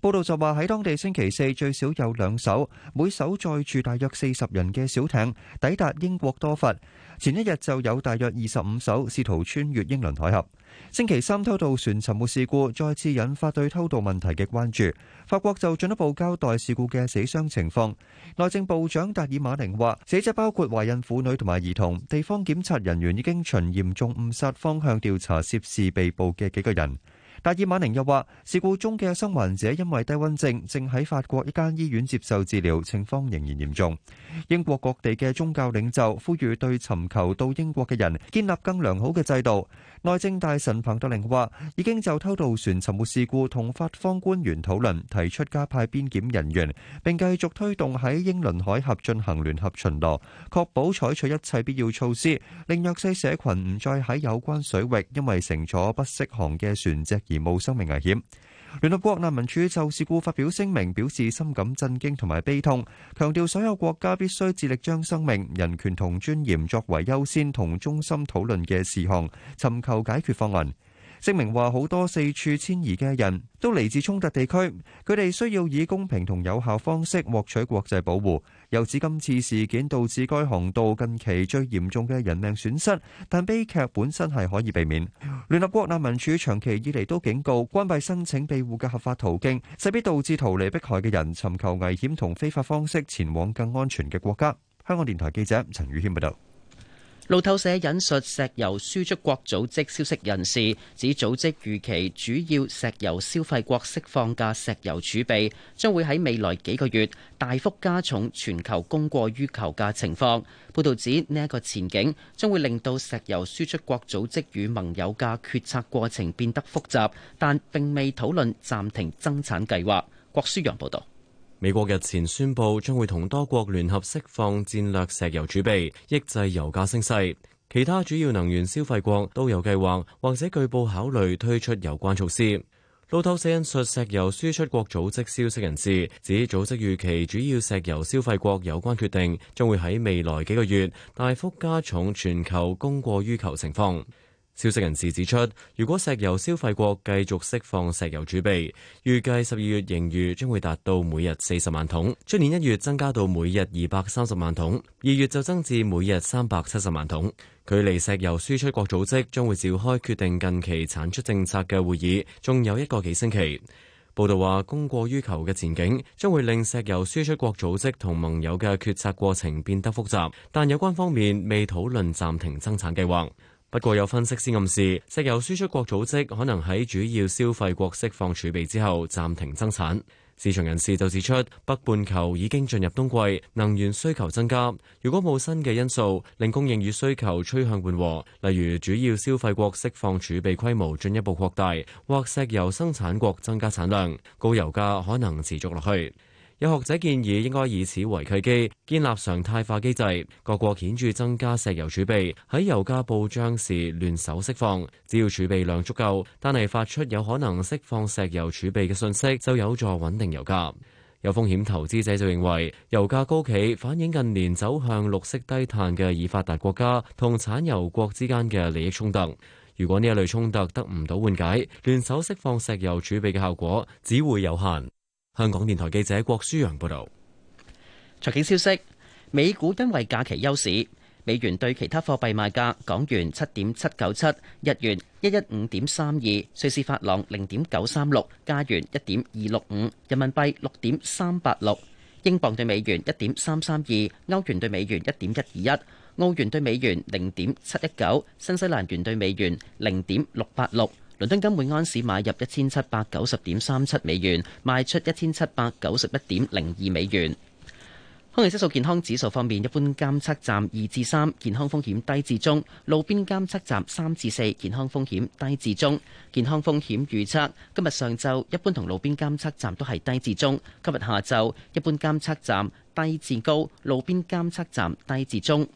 報道就話喺當地星期四最少有兩艘每艘載住大約四十人嘅小艇抵達英國多佛，前一日就有大約二十五艘試圖穿越英倫海峽。星期三偷渡船沉沒事故再次引發對偷渡問題嘅關注。法國就進一步交代事故嘅死傷情況。內政部長達爾馬寧話：死者包括懷孕婦女同埋兒童。地方檢察人員已經循嚴重誤殺方向調查涉事被捕嘅幾個人。達爾馬寧又話：事故中嘅生還者因為低溫症，正喺法國一間醫院接受治療，情況仍然嚴重。英國各地嘅宗教領袖呼籲對尋求到英國嘅人建立更良好嘅制度。內政大臣彭德玲話：已經就偷渡船沉沒事故同法方官員討論，提出加派邊檢人員，並繼續推動喺英倫海峽進行聯合巡邏，確保採取一切必要措施，令弱勢社群唔再喺有關水域因為乘坐不適航嘅船隻而冒生命危險。聯合國難民署就事故發表聲明，表示深感震驚同埋悲痛，強調所有國家必須致力將生命、人權同尊嚴作為優先同中心討論嘅事項，尋求解決方案。聲明話好多四處遷移嘅人都嚟自衝突地區，佢哋需要以公平同有效方式獲取國際保護。由此，今次事件導致該航道近期最嚴重嘅人命損失，但悲劇本身係可以避免。聯合國難民署長期以嚟都警告，關閉申請庇護嘅合法途徑，勢必導致逃離迫害嘅人尋求危險同非法方式前往更安全嘅國家。香港電台記者陳宇軒報道。路透社引述石油輸出國組織消息人士指，組織預期主要石油消費國釋放嘅石油儲備將會喺未來幾個月大幅加重全球供過於求嘅情況，報道指呢一個前景將會令到石油輸出國組織與盟友嘅決策過程變得複雜，但並未討論暫停增產計劃，郭書陽報道。美國日前宣布將會同多國聯合釋放戰略石油儲備，抑制油價升勢。其他主要能源消費國都有計劃或者據報考慮推出有關措施。路透社引述石油輸出國組織消息人士指，組織預期主要石油消費國有關決定將會喺未來幾個月大幅加重全球供過於求情況。消息人士指出，如果石油消費國繼續釋放石油儲備，預計十二月盈餘將會達到每日四十萬桶，出年一月增加到每日二百三十萬桶，二月就增至每日三百七十萬桶。距離石油輸出國組織將會召開決定近期產出政策嘅會議，仲有一個幾星期。報道話，供過於求嘅前景將會令石油輸出國組織同盟友嘅決策過程變得複雜，但有關方面未討論暫停增產計劃。不過有分析師暗示，石油輸出國組織可能喺主要消費國釋放儲備之後暫停增產。市場人士就指出，北半球已經進入冬季，能源需求增加。如果冇新嘅因素令供應與需求趨向緩和，例如主要消費國釋放儲備規模進一步擴大，或石油生產國增加產量，高油價可能持續落去。有學者建議應該以此為契機，建立常態化機制，各國顯著增加石油儲備，喺油價暴漲時聯手釋放。只要儲備量足夠，但係發出有可能釋放石油儲備嘅信息，就有助穩定油價。有風險投資者就認為，油價高企反映近年走向綠色低碳嘅已發達國家同產油國之間嘅利益衝突。如果呢一類衝突得唔到緩解，聯手釋放石油儲備嘅效果只會有限。香港電台記者郭舒揚報道。財經消息：美股因為假期休市，美元對其他貨幣賣價：港元七點七九七，日元一一五點三二，瑞士法郎零點九三六，加元一點二六五，人民幣六點三八六，英鎊兌美元一點三三二，歐元兌美元一點一二一，澳元兌美元零點七一九，新西蘭元兌美元零點六八六。倫敦金每安士買入一千七百九十點三七美元，賣出一千七百九十一點零二美元。空氣質素健康指數方面，一般監測站二至三，健康風險低至中；路邊監測站三至四，健康風險低至中。健康風險預測：今日上晝一般同路邊監測站都係低至中；今日下晝一般監測站低至高，路邊監測站低至中。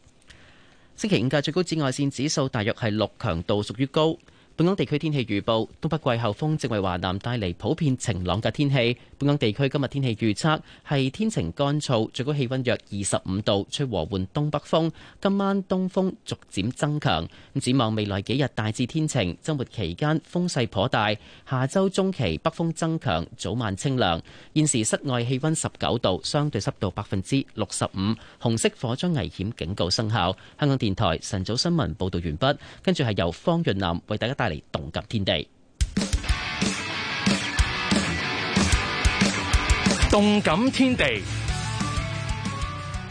星期五嘅最高紫外線指數大約係六，強度屬於高。本港地區天氣預報：東北季候風正為華南帶嚟普遍晴朗嘅天氣。本港地區今日天氣預測係天晴乾燥，最高氣溫約二十五度，吹和緩東北風。今晚東風逐漸增強。咁展望未來幾日大致天晴，週末期間風勢頗大。下週中期北風增強，早晚清涼。現時室外氣溫十九度，相對濕度百分之六十五，紅色火災危險警告生效。香港電台晨早新聞報道完畢。跟住係由方潤南為大家帶。動感天地，動感天地。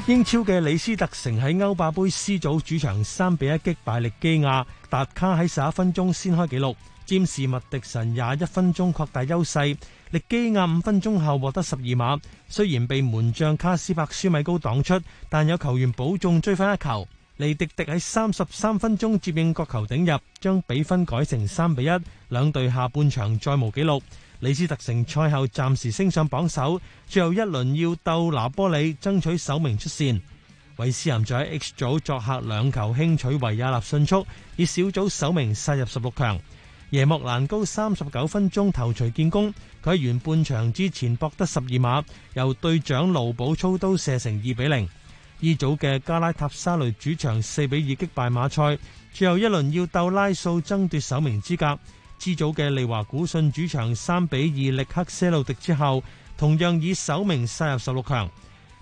英超嘅李斯特城喺歐霸盃 C 組主場三比一擊敗力基亞，達卡喺十一分鐘先開紀錄，占士麥迪神廿一分鐘擴大優勢，力基亞五分鐘後獲得十二碼，雖然被門將卡斯伯舒米高擋出，但有球員保重追翻一球。尼迪迪喺三十三分鐘接應角球頂入，將比分改成三比一。兩隊下半場再無紀錄。李斯特城賽後暫時升上榜首，最後一輪要鬥拿波里爭取首名出線。維斯林就喺 H 組作客兩球輕取維也納，迅速以小組首名殺入十六強。耶莫蘭高三十九分鐘頭槌建功，佢喺完半場之前博得十二碼，由隊長盧寶操刀射成二比零。E 組嘅加拉塔沙雷主場四比二擊敗馬賽，最後一輪要鬥拉素爭奪首名資格。G 組嘅利華古遜主場三比二力克些路迪之後，同樣以首名殺入十六強。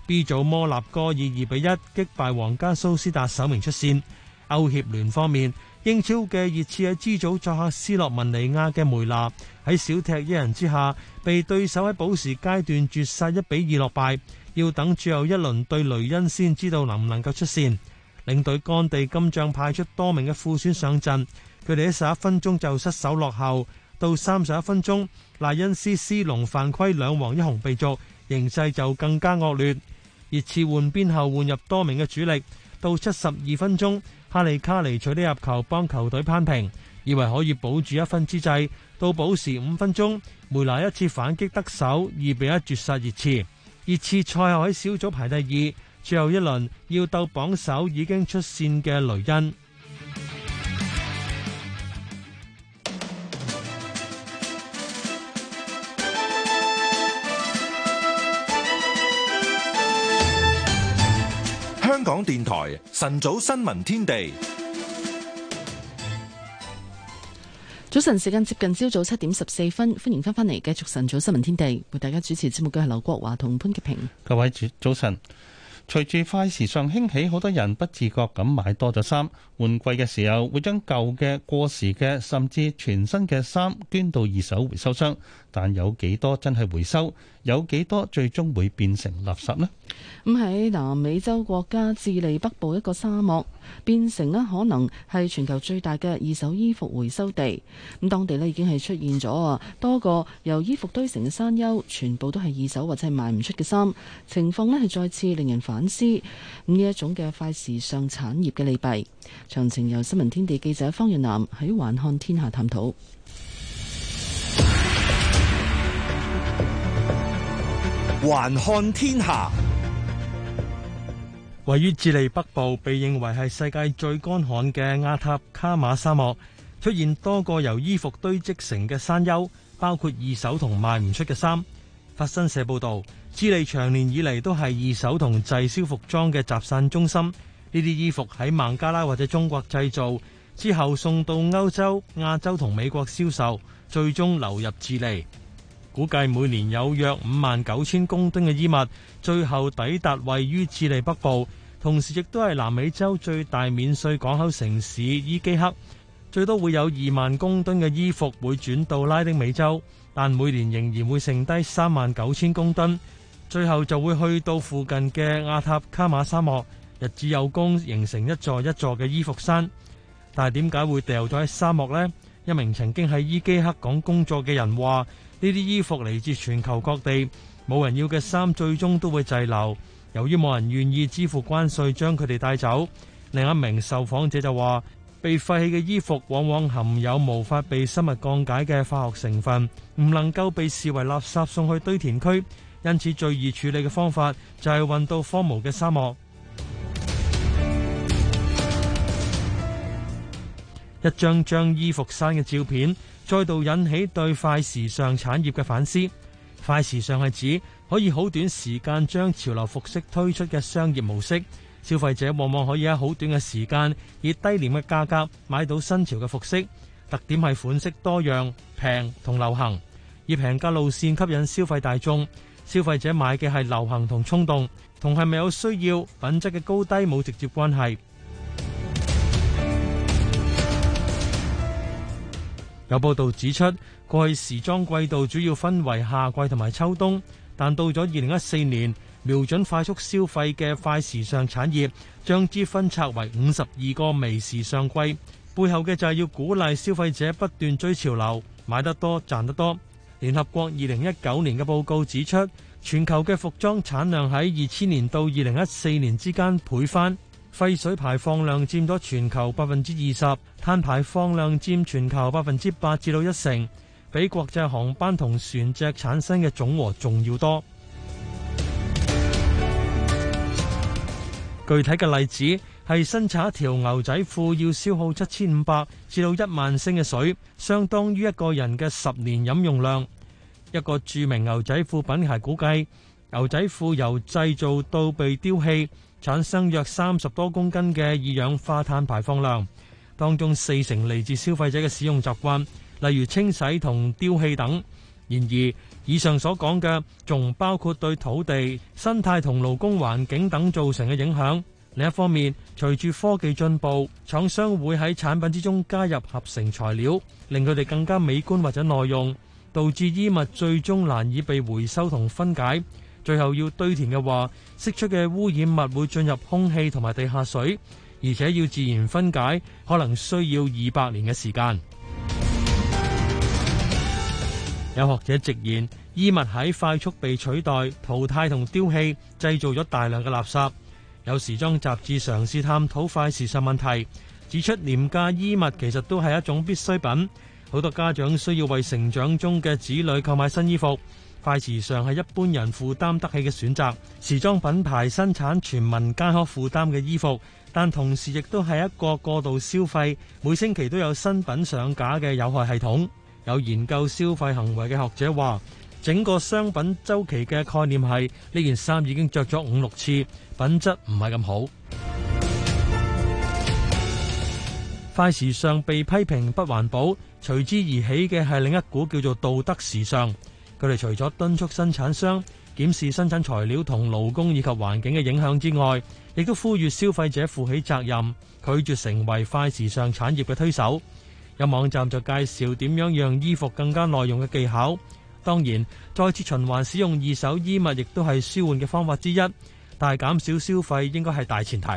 B 組摩納哥以二比一擊敗皇家蘇斯達首名出線。歐協聯方面，英超嘅熱刺喺 G 組作客斯洛文尼亞嘅梅納，喺小踢一人之下，被對手喺補時階段絕殺一比二落敗。要等最後一輪對雷恩先知道能唔能夠出線。領隊干地金將派出多名嘅副選上陣，佢哋喺十一分鐘就失手落後，到三十一分鐘，賴恩斯斯隆犯規，兩黃一紅被逐，形勢就更加惡劣。熱刺換邊後換入多名嘅主力，到七十二分鐘，哈利卡尼取得入球幫球隊攀平，以為可以保住一分之際，到補時五分鐘，梅拿一次反擊得手，二比一絕殺熱刺。熱刺賽後喺小組排第二，最後一輪要鬥榜首已經出線嘅雷恩。香港電台晨早新聞天地。早晨時間接近朝早七點十四分，歡迎翻返嚟繼續晨早新聞天地，為大家主持節目嘅係劉國華同潘潔平。各位早早晨，隨住快時尚興起，好多人不自覺咁買多咗衫，換季嘅時候會將舊嘅、過時嘅，甚至全新嘅衫捐到二手回收箱。但有幾多真係回收？有幾多最終會變成垃圾呢？咁喺南美洲國家智利北部一個沙漠，變成咧可能係全球最大嘅二手衣服回收地。咁當地咧已經係出現咗啊多個由衣服堆成嘅山丘，全部都係二手或者係賣唔出嘅衫。情況呢係再次令人反思。咁呢一種嘅快時尚產業嘅利弊，詳情由新聞天地記者方若南喺環看天下探討。環看天下，位於智利北部，被認為係世界最乾旱嘅阿塔卡馬沙漠，出現多個由衣服堆積成嘅山丘，包括二手同賣唔出嘅衫。法新社報道，智利長年以嚟都係二手同滯銷服裝嘅集散中心，呢啲衣服喺孟加拉或者中國製造之後，送到歐洲、亞洲同美國銷售，最終流入智利。估計每年有約五萬九千公噸嘅衣物最後抵達位於智利北部，同時亦都係南美洲最大免稅港口城市伊基克，最多會有二萬公噸嘅衣服會轉到拉丁美洲，但每年仍然會剩低三萬九千公噸，最後就會去到附近嘅阿塔卡馬沙漠，日子有功，形成一座一座嘅衣服山。但係點解會掉咗喺沙漠呢？一名曾經喺伊基克港工作嘅人話。呢啲衣服嚟自全球各地，冇人要嘅衫最終都會滯留。由於冇人願意支付關稅將佢哋帶走，另一名受訪者就話：被廢棄嘅衣服往往含有無法被生物降解嘅化學成分，唔能夠被視為垃圾送去堆填區，因此最易處理嘅方法就係運到荒蕪嘅沙漠。一張張衣服衫嘅照片。再度引起對快時尚產業嘅反思。快時尚係指可以好短時間將潮流服飾推出嘅商業模式，消費者往往可以喺好短嘅時間以低廉嘅價格買到新潮嘅服飾，特點係款式多樣、平同流行，以平價路線吸引消費大眾。消費者買嘅係流行同衝動，同係咪有需要品質嘅高低冇直接關係。有報道指出，過去時裝季度主要分為夏季同埋秋冬，但到咗二零一四年，瞄準快速消費嘅快時尚產業，將之分拆為五十二個微時尚季，背後嘅就係要鼓勵消費者不斷追潮流，買得多賺得多。聯合國二零一九年嘅報告指出，全球嘅服裝產量喺二千年到二零一四年之間倍翻。廢水排放量佔咗全球百分之二十，碳排放量佔全球百分之八至到一成，比國際航班同船隻產生嘅總和仲要多。 (music) 具體嘅例子係生產一條牛仔褲要消耗七千五百至到一萬升嘅水，相當於一個人嘅十年飲用量。一個著名牛仔褲品牌估計，牛仔褲由製造到被丟棄，產生約三十多公斤嘅二氧化碳排放量，當中四成嚟自消費者嘅使用習慣，例如清洗同丟棄等。然而，以上所講嘅仲包括對土地、生態同勞工環境等造成嘅影響。另一方面，隨住科技進步，廠商會喺產品之中加入合成材料，令佢哋更加美觀或者耐用，導致衣物最終難以被回收同分解。最後要堆填嘅話，釋出嘅污染物會進入空氣同埋地下水，而且要自然分解，可能需要二百年嘅時間。 (music) 有學者直言，衣物喺快速被取代、淘汰同丟棄，製造咗大量嘅垃圾。有時裝雜誌嘗試探討快時尚問題，指出廉價衣物其實都係一種必需品，好多家長需要為成長中嘅子女購買新衣服。快時尚係一般人負擔得起嘅選擇，時裝品牌生產全民皆可負擔嘅衣服，但同時亦都係一個過度消費，每星期都有新品上架嘅有害系統。有研究消費行為嘅學者話，整個商品周期嘅概念係呢件衫已經着咗五六次，品質唔係咁好。快時尚被批評不環保，隨之而起嘅係另一股叫做道德時尚。佢哋除咗敦促生產商檢視生產材料同勞工以及環境嘅影響之外，亦都呼籲消費者負起責任，拒絕成為快時尚產業嘅推手。有網站就介紹點樣讓衣服更加耐用嘅技巧。當然，再次循環使用二手衣物亦都係舒緩嘅方法之一，但係減少消費應該係大前提。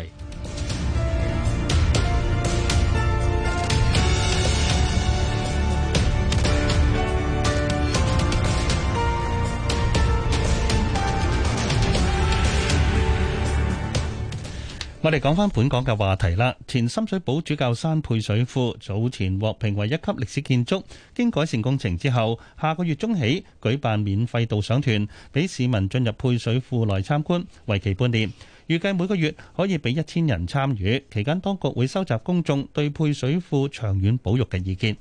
我哋講翻本港嘅話題啦。前深水埗主教山配水庫早前獲評為一級歷史建築，經改善工程之後，下個月中起舉辦免費導賞團，俾市民進入配水庫來參觀，為期半年，預計每個月可以俾一千人參與。期間，當局會收集公眾對配水庫長遠保育嘅意見。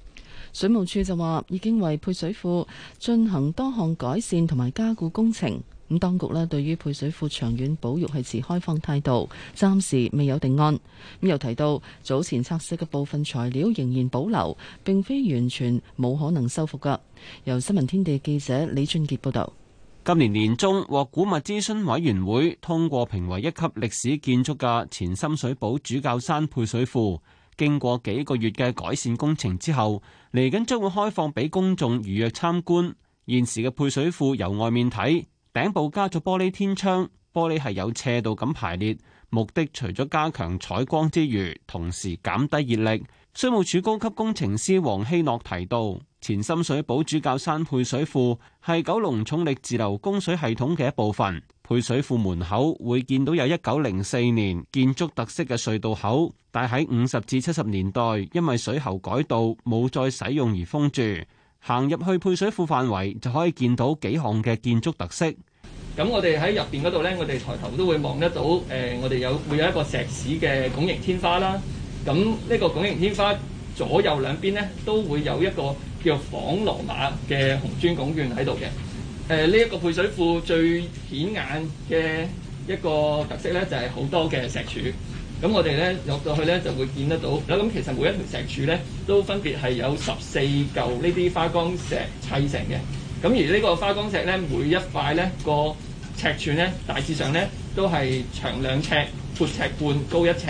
水務署就話，已經為配水庫進行多項改善同埋加固工程。咁，當局咧對於配水庫長遠保育係持開放態度，暫時未有定案。咁又提到早前測試嘅部分材料仍然保留，並非完全冇可能修復嘅。由新聞天地記者李俊傑報導。今年年中，獲古物諮詢委員會通過評為一級歷史建築嘅前深水埗主教山配水庫，經過幾個月嘅改善工程之後，嚟緊將會開放俾公眾預約參觀。現時嘅配水庫由外面睇。頂部加咗玻璃天窗，玻璃係有斜度咁排列，目的除咗加強採光之餘，同時減低熱力。水務署高級工程師王希諾提到，前深水埗主教山配水庫係九龍重力自流供水系統嘅一部分。配水庫門口會見到有一九零四年建築特色嘅隧道口，但喺五十至七十年代，因為水喉改道，冇再使用而封住。行入去配水庫範圍，就可以見到幾項嘅建築特色。咁我哋喺入邊嗰度咧，我哋抬頭都會望得到。誒，我哋有會有一個石屎嘅拱形天花啦。咁呢個拱形天花左右兩邊咧，都會有一個叫仿羅馬嘅紅磚拱券喺度嘅。誒，呢一個配水庫最顯眼嘅一個特色咧，就係好多嘅石柱。咁我哋咧入到去咧就會見得到啦。咁其實每一條石柱咧都分別係有十四嚿呢啲花崗石砌成嘅。咁而呢個花崗石咧每一塊咧個尺寸咧大致上咧都係長兩尺、闊尺半、高一尺。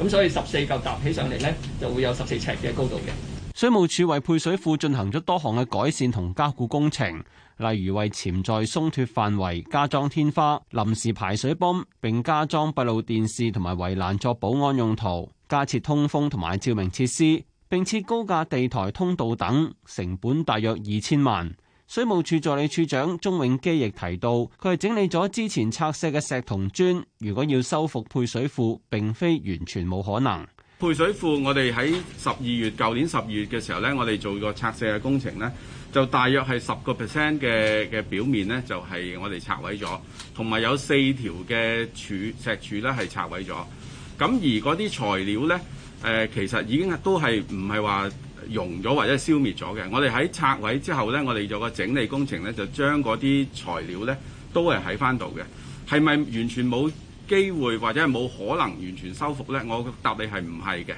咁所以十四嚿搭起上嚟咧就會有十四尺嘅高度嘅。水務署為配水庫進行咗多項嘅改善同加固工程。例如為潛在鬆脱範圍加裝天花、臨時排水泵，並加裝閉路電視同埋圍欄作保安用途，加設通風同埋照明設施，並設高架地台通道等，成本大約二千萬。水務處助理處長鍾永基亦提到，佢係整理咗之前拆卸嘅石同磚，如果要修復配水庫，並非完全冇可能。配水庫我哋喺十二月，舊年十二月嘅時候呢，我哋做個拆卸嘅工程呢。就大約係十個 percent 嘅嘅表面呢，就係、是、我哋拆毀咗，同埋有四條嘅柱石柱呢，係拆毀咗。咁而嗰啲材料呢，誒、呃、其實已經都係唔係話溶咗或者消滅咗嘅。我哋喺拆毀之後呢，我哋做個整理工程呢，就將嗰啲材料呢，都係喺翻度嘅。係咪完全冇機會或者係冇可能完全修復呢？我答你係唔係嘅。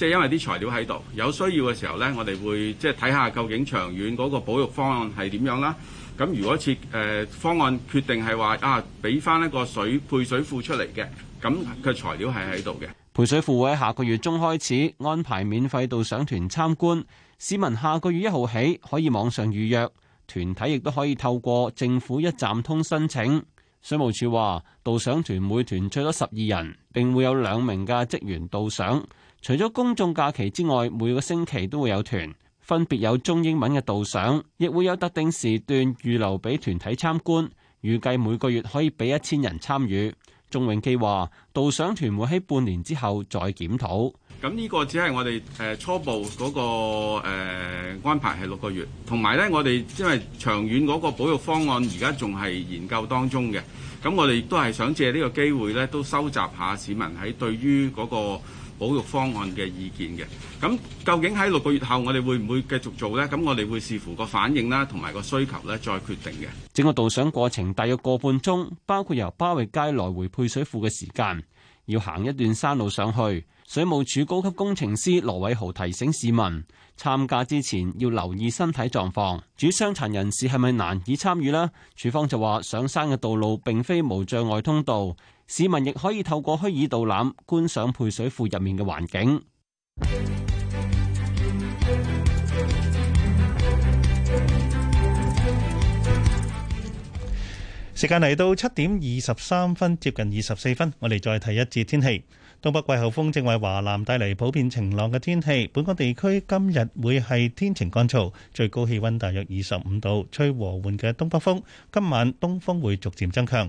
即係因為啲材料喺度，有需要嘅時候呢，我哋會即係睇下究竟長遠嗰個保育方案係點樣啦。咁如果設誒方案決定係話啊，俾翻一個水配水庫出嚟嘅，咁、那、佢、個、材料係喺度嘅。配水庫會喺下個月中開始安排免費導賞團參觀，市民下個月一號起可以網上預約，團體亦都可以透過政府一站通申請。水務署話導賞團每團最多十二人，並會有兩名嘅職員導賞。除咗公眾假期之外，每個星期都會有團，分別有中英文嘅導賞，亦會有特定時段預留俾團體參觀。預計每個月可以俾一千人參與。鍾永基話：導賞團會喺半年之後再檢討。咁呢個只係我哋誒初步嗰、那個安、呃、排係六個月，同埋呢，我哋因為長遠嗰個保育方案而家仲係研究當中嘅。咁我哋亦都係想借呢個機會呢都收集下市民喺對於嗰、那個保育方案嘅意見嘅，咁究竟喺六個月後我哋會唔會繼續做咧？咁我哋會視乎個反應啦，同埋個需求咧，再決定嘅。整個導賞過程大約個半鐘，包括由巴域街來回配水庫嘅時間，要行一段山路上去。水務署高級工程師羅偉豪提醒市民參加之前要留意身體狀況，至於傷殘人士係咪難以參與咧？署方就話上山嘅道路並非無障礙通道。市民亦可以透過虛擬導覽觀賞配水庫入面嘅環境。時間嚟到七點二十三分，接近二十四分，我哋再睇一節天氣。東北季候風正為華南帶嚟普遍晴朗嘅天氣，本港地區今日會係天晴乾燥，最高氣溫大約二十五度，吹和緩嘅東北風。今晚東風會逐漸增強。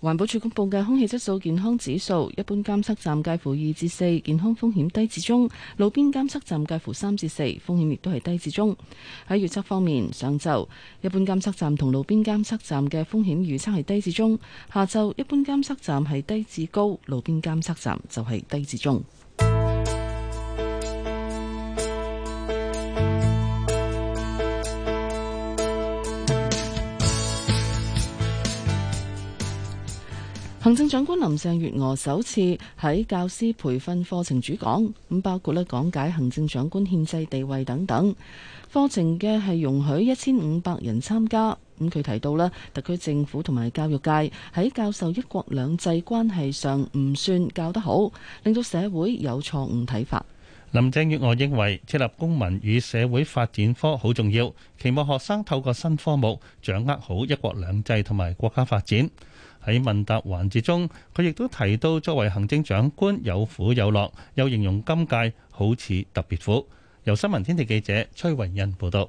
環保署公布嘅空氣質素健康指數，一般監測站介乎二至四，健康風險低至中；路邊監測站介乎三至四，風險亦都係低至中。喺預測方面，上晝一般監測站同路邊監測站嘅風險預測係低至中；下晝一般監測站係低至高，路邊監測站就係低至中。行政長官林鄭月娥首次喺教師培訓課程主講，咁包括咧講解行政長官憲制地位等等。課程嘅係容許一千五百人參加，咁佢提到啦，特區政府同埋教育界喺教授一國兩制關係上唔算教得好，令到社會有錯誤睇法。林鄭月娥認為設立公民與社會發展科好重要，期望學生透過新科目掌握好一國兩制同埋國家發展。喺問答環節中，佢亦都提到作為行政長官有苦有樂，又形容今屆好似特別苦。由新聞天地記者崔維恩報道。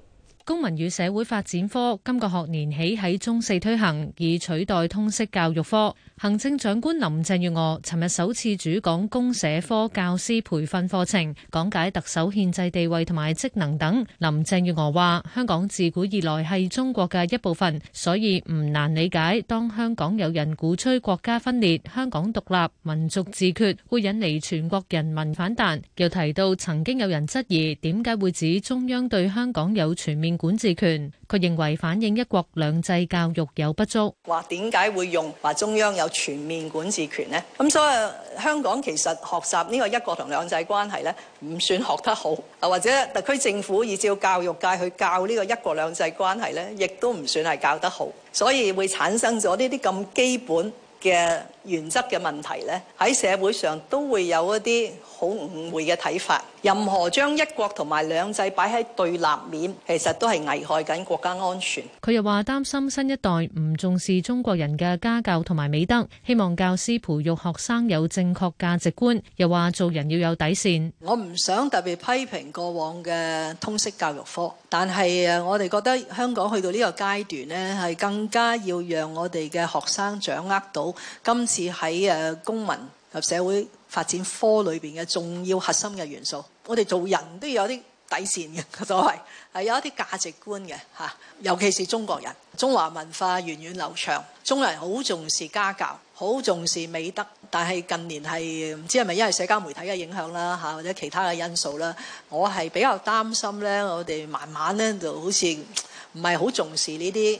公民與社會發展科今個學年起喺中四推行，以取代通識教育科。行政長官林鄭月娥尋日首次主講公社科教師培訓課程，講解特首憲制地位同埋職能等。林鄭月娥話：香港自古以來係中國嘅一部分，所以唔難理解，當香港有人鼓吹國家分裂、香港獨立、民族自決，會引嚟全國人民反彈。又提到曾經有人質疑點解會指中央對香港有全面管治權，佢認為反映一國兩制教育有不足。話點解會用話中央有全面管治權呢？咁所以香港其實學習呢個一國同兩制關係咧，唔算學得好，或者特區政府以照教育界去教呢個一國兩制關係咧，亦都唔算係教得好，所以會產生咗呢啲咁基本嘅原則嘅問題呢，喺社會上都會有一啲好誤會嘅睇法。任何將一國同埋兩制擺喺對立面，其實都係危害緊國家安全。佢又話擔心新一代唔重視中國人嘅家教同埋美德，希望教師培育學生有正確價值觀，又話做人要有底線。我唔想特別批評過往嘅通識教育科，但係啊，我哋覺得香港去到呢個階段呢，係更加要讓我哋嘅學生掌握到今。是喺公民及社會發展科裏邊嘅重要核心嘅元素。我哋做人都要有啲底綫嘅，所謂係有一啲價值觀嘅嚇。尤其是中國人，中華文化源遠流長，中國人好重視家教，好重視美德。但係近年係唔知係咪因為社交媒體嘅影響啦嚇，或者其他嘅因素啦，我係比較擔心咧，我哋慢慢咧就好似唔係好重視呢啲。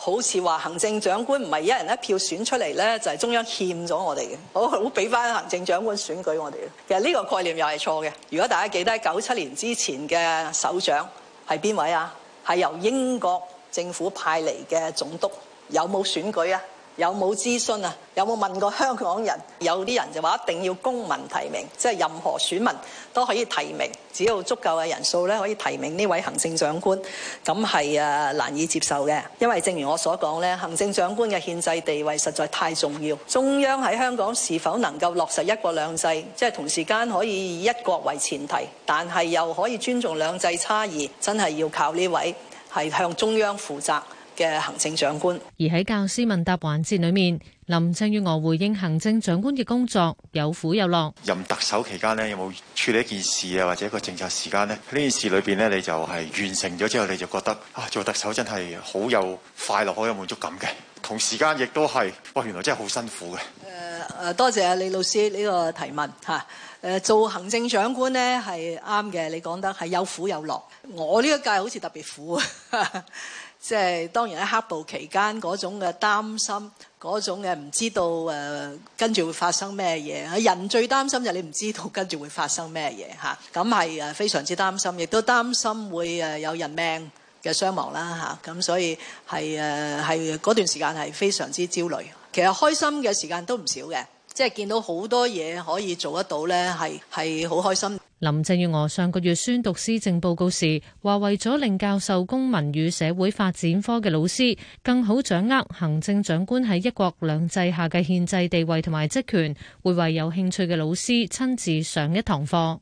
好似話行政長官唔係一人一票選出嚟咧，就係、是、中央欠咗我哋嘅，好畀返行政長官選舉我哋。其實呢個概念又係錯嘅。如果大家記得九七年之前嘅首長係邊位啊？係由英國政府派嚟嘅總督，有冇選舉啊？有冇諮詢啊？有冇問過香港人？有啲人就話一定要公民提名，即係任何選民都可以提名，只要足夠嘅人數咧可以提名呢位行政長官，咁係難以接受嘅。因為正如我所講，行政長官嘅憲制地位實在太重要。中央喺香港是否能夠落實一國兩制，即係同時間可以以一國為前提，但係又可以尊重兩制差異，真係要靠呢位係向中央負責。嘅行政長官。而喺教師問答環節裏面，林鄭月娥回應行政長官嘅工作有苦有樂。任特首期間咧，有冇處理一件事啊，或者一個政策時間呢？呢件事裏邊呢，你就係完成咗之後，你就覺得啊，做特首真係好有快樂，好有滿足感嘅。同時間亦都係，哇，原來真係好辛苦嘅。誒誒、呃，多謝、啊、李老師呢個提問吓。誒、啊，做行政長官呢係啱嘅，你講得係有苦有樂。我呢一屆好似特別苦啊。 (laughs) 即係當然喺黑暴期間嗰種嘅擔心，嗰種嘅唔知道誒跟住會發生咩嘢。人最擔心就係你唔知道跟住會發生咩嘢吓，咁係誒非常之擔心，亦都擔心會誒有人命嘅傷亡啦吓，咁、啊啊、所以係誒係嗰段時間係非常之焦慮，其實開心嘅時間都唔少嘅，即係見到好多嘢可以做得到咧，係係好開心。林鄭月娥上個月宣讀施政報告時，話為咗令教授公民與社會發展科嘅老師更好掌握行政長官喺一國兩制下嘅憲制地位同埋職權，會為有興趣嘅老師親自上一堂課。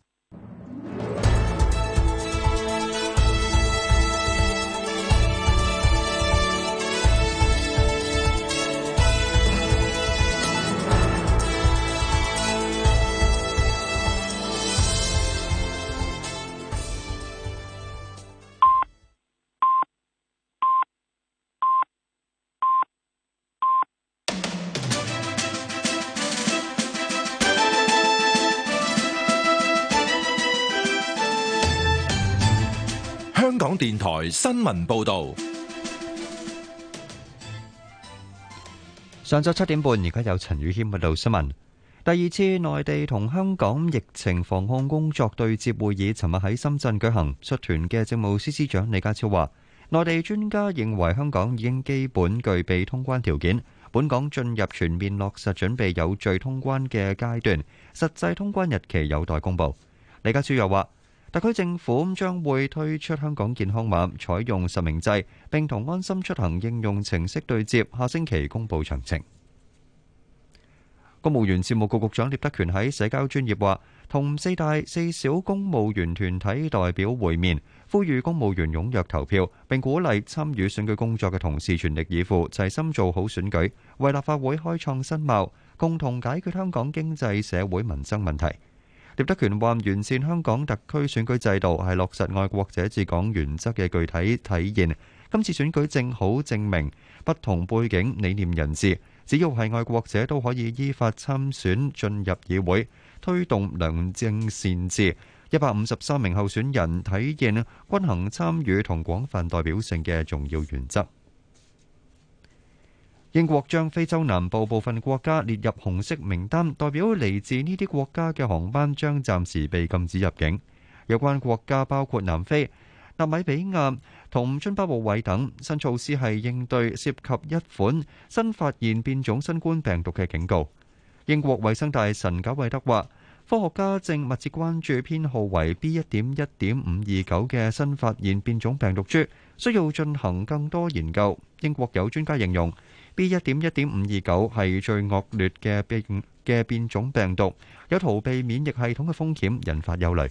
香港電台新聞報道：上晝七點半，而家有陳宇謙報道新聞。第二次內地同香港疫情防控工作對接會議，尋日喺深圳舉行。率團嘅政務司司長李家超話，內地專家認為香港已經基本具備通關條件，本港進入全面落實準備有序通關嘅階段，實際通關日期有待公布。李家超又話。特區政府將會推出香港健康碼，採用實名制，並同安心出行應用程式對接。下星期公布詳情。公務員事務局局長聶德權喺社交專頁話，同四大四小公務員團體代表會面，呼籲公務員踴躍投票，並鼓勵參與選舉工作嘅同事全力以赴，齊心做好選舉，為立法會開創新貌，共同解決香港經濟社會民生問題。聶德權話：完善香港特區選舉制度係落實愛國者治港原則嘅具體體現。今次選舉正好證明不同背景、理念人士，只要係愛國者都可以依法參選進入議會，推動良政善治。一百五十三名候選人體現均衡參與同廣泛代表性嘅重要原則。英國將非洲南部部分國家列入紅色名單，代表嚟自呢啲國家嘅航班將暫時被禁止入境。有關國家包括南非、納米比亞同津巴布韋等。新措施係應對涉及一款新發現變種新冠病毒嘅警告。英國衛生大臣賈維德話：科學家正密切關注編號為 B 一點一點五二九嘅新發現變種病毒株，需要進行更多研究。英國有專家形容。B 一點一點五二九係最惡劣嘅病嘅變種病毒，有逃避免疫系統嘅風險，引發憂慮。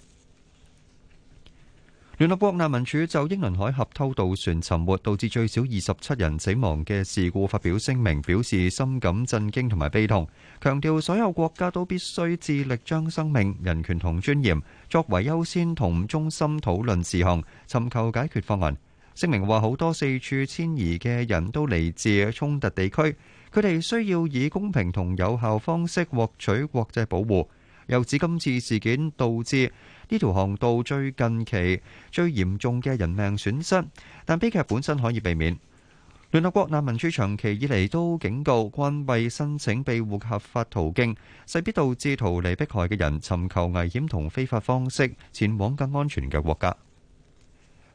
聯合國難民署就英倫海峽偷渡船沉沒，導致最少二十七人死亡嘅事故發表聲明，表示深感震驚同埋悲痛，強調所有國家都必須致力將生命、人權同尊嚴作為優先同中心討論事項，尋求解決方案。聲明話：好多四處遷移嘅人都嚟自衝突地區，佢哋需要以公平同有效方式獲取國際保護。又指今次事件導致呢條航道最近期最嚴重嘅人命損失，但悲劇本身可以避免。聯合國難民署長期以嚟都警告，關閉申請庇護合法途徑，勢必導致逃離迫害嘅人尋求危險同非法方式前往更安全嘅國家。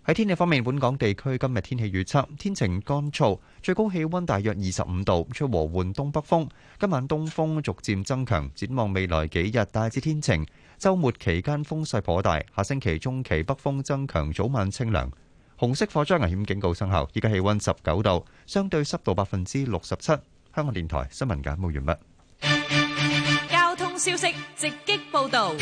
喺天氣方面，本港地區今日天氣預測天晴乾燥，最高氣溫大約二十五度，吹和緩東北風。今晚東風逐漸增強，展望未來幾日大致天晴，周末期間風勢頗大。下星期中期北風增強，早晚清涼。紅色火災危險警告生效，依家氣溫十九度，相對濕度百分之六十七。香港電台新聞簡報完畢。交通消息直擊報道。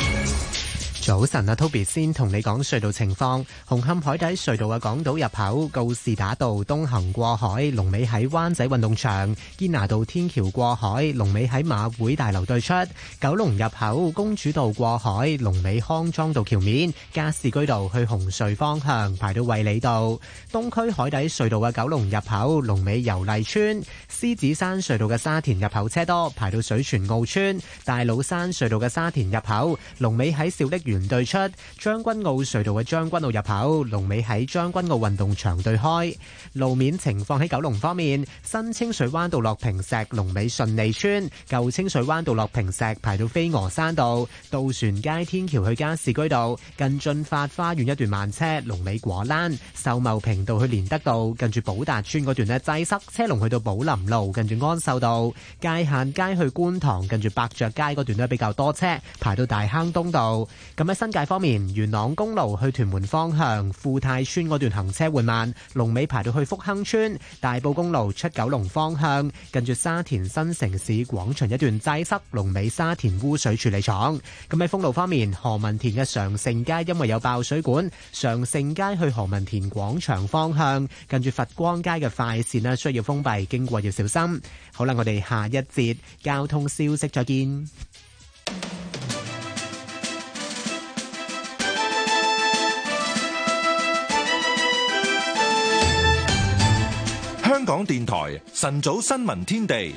早晨啊，Toby 先同你講隧道情況。紅磡海底隧道嘅港島入口告士打道東行過海，龍尾喺灣仔運動場；堅拿道天橋過海，龍尾喺馬會大樓對出。九龍入口公主道過海，龍尾康莊道橋面；加士居道去紅隧方向排到衛理道。東區海底隧道嘅九龍入口，龍尾油麗邨；獅子山隧道嘅沙田入口車多，排到水泉澳村；大老山隧道嘅沙田入口，龍尾喺小瀝源。對出將軍澳隧道嘅將軍澳入口，龍尾喺將軍澳運動場對開。路面情況喺九龍方面，新清水灣道落坪石，龍尾順利村；舊清水灣道落坪石，排到飛鵝山道。渡船街天橋去加士居道，近駿發花園一段慢車，龍尾果欄。秀茂坪道去連德道，近住寶達村嗰段呢，擠塞，車龍去到寶林路，近住安秀道。界限街去觀塘，近住伯爵街嗰段呢，比較多車，排到大坑東道。咁喺新界方面，元朗公路去屯門方向富泰村嗰段行車緩慢，龍尾排到去福亨村；大埔公路出九龍方向，近住沙田新城市廣場一段擠塞，龍尾沙田污水處理廠。咁喺封路方面，何文田嘅常盛街因為有爆水管，常盛街去何文田廣場方向，近住佛光街嘅快線咧需要封閉，經過要小心。好啦，我哋下一節交通消息再見。港電台晨早新聞天地，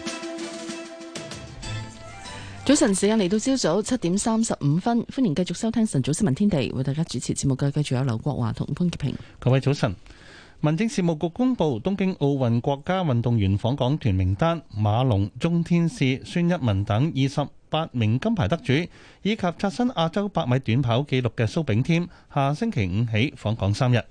早晨時間嚟到朝早七點三十五分，歡迎繼續收聽晨早新聞天地，為大家主持節目嘅繼續有劉國華同潘潔平。各位早晨。民政事務局公布東京奧運國家運動員訪港團名單，馬龍、鐘天使、孫一文等二十八名金牌得主，以及刷新亞洲百米短跑紀錄嘅蘇炳添，下星期五起訪港三日。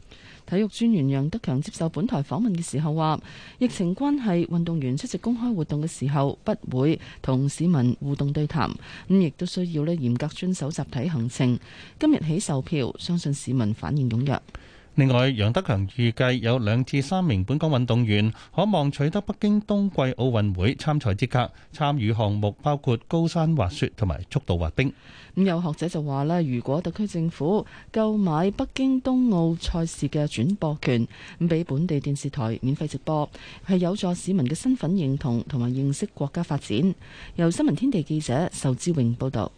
體育專員楊德強接受本台訪問嘅時候話，疫情關係，運動員出席公開活動嘅時候，不會同市民互動對談，咁亦都需要呢嚴格遵守集體行程。今日起售票，相信市民反應踴躍。另外，楊德強預計有兩至三名本港運動員可望取得北京冬季奧運會參賽資格，參與項目包括高山滑雪同埋速度滑冰。咁有學者就話咧，如果特區政府購買北京冬奧賽事嘅轉播權，咁俾本地電視台免費直播，係有助市民嘅身份認同同埋認識國家發展。由新聞天地記者仇志榮報道。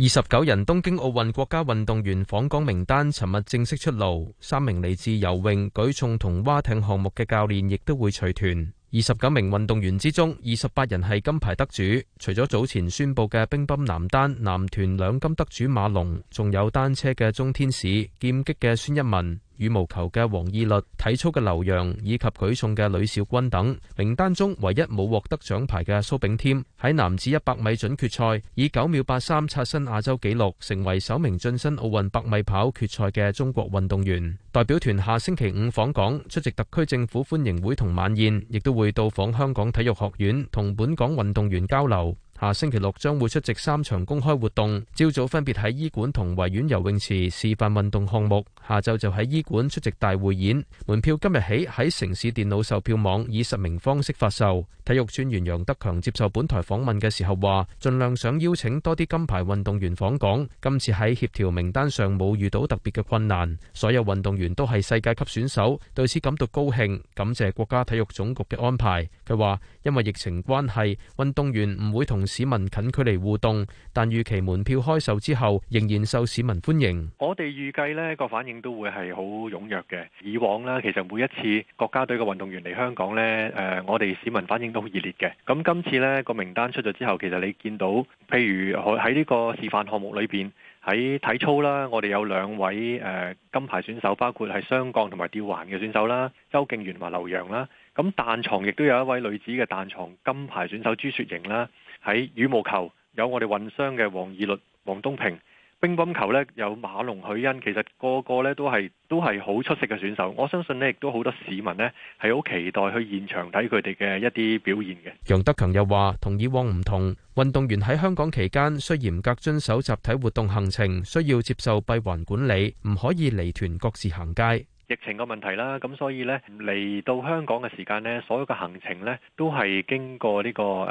二十九人東京奧運國家運動員訪港名單尋日正式出爐，三名嚟自游泳、舉重同蛙艇項目嘅教練亦都會隨團。二十九名運動員之中，二十八人係金牌得主，除咗早前宣布嘅乒乓男單、男團兩金得主馬龍，仲有單車嘅鍾天使、劍擊嘅孫一文。羽毛球嘅王懿律、體操嘅劉洋以及舉重嘅呂小軍等名單中，唯一冇獲得獎牌嘅蘇炳添喺男子一百米準決賽以九秒八三刷新亞洲紀錄，成為首名晉身奧運百米跑決賽嘅中國運動員。代表團下星期五訪港出席特區政府歡迎會同晚宴，亦都會到訪香港體育學院同本港運動員交流。下星期六將會出席三場公開活動，朝早分別喺醫館同維園游泳池示範運動項目，下晝就喺醫館出席大匯演。門票今日起喺城市電腦售票網以實名方式發售。體育專員楊德強接受本台訪問嘅時候話，盡量想邀請多啲金牌運動員訪港，今次喺協調名單上冇遇到特別嘅困難，所有運動員都係世界級選手，對此感到高興，感謝國家體育總局嘅安排。佢話，因為疫情關係，運動員唔會同市民近距離互動，但預期門票開售之後仍然受市民歡迎。我哋預計呢個反應都會係好踴躍嘅。以往呢其實每一次國家隊嘅運動員嚟香港呢，誒我哋市民反應都好熱烈嘅。咁今次呢個名單出咗之後，其實你見到譬如喺呢個示範項目裏邊，喺體操啦，我哋有兩位誒金牌選手，包括係雙槓同埋吊環嘅選手啦，周敬源同埋劉洋啦。咁彈牀亦都有一位女子嘅彈牀金牌選手朱雪瑩啦。喺羽毛球有我哋混雙嘅王懿律、黃東萍，乒乓球咧，有馬龍、許昕，其實個個咧，都係都係好出色嘅選手。我相信呢亦都好多市民咧係好期待去現場睇佢哋嘅一啲表現嘅。楊德強又話，同以往唔同，運動員喺香港期間需嚴格遵守集體活動行程，需要接受閉環管理，唔可以離團各自行街。疫情嘅問題啦，咁所以咧嚟到香港嘅時間咧，所有嘅行程咧都係經過呢個誒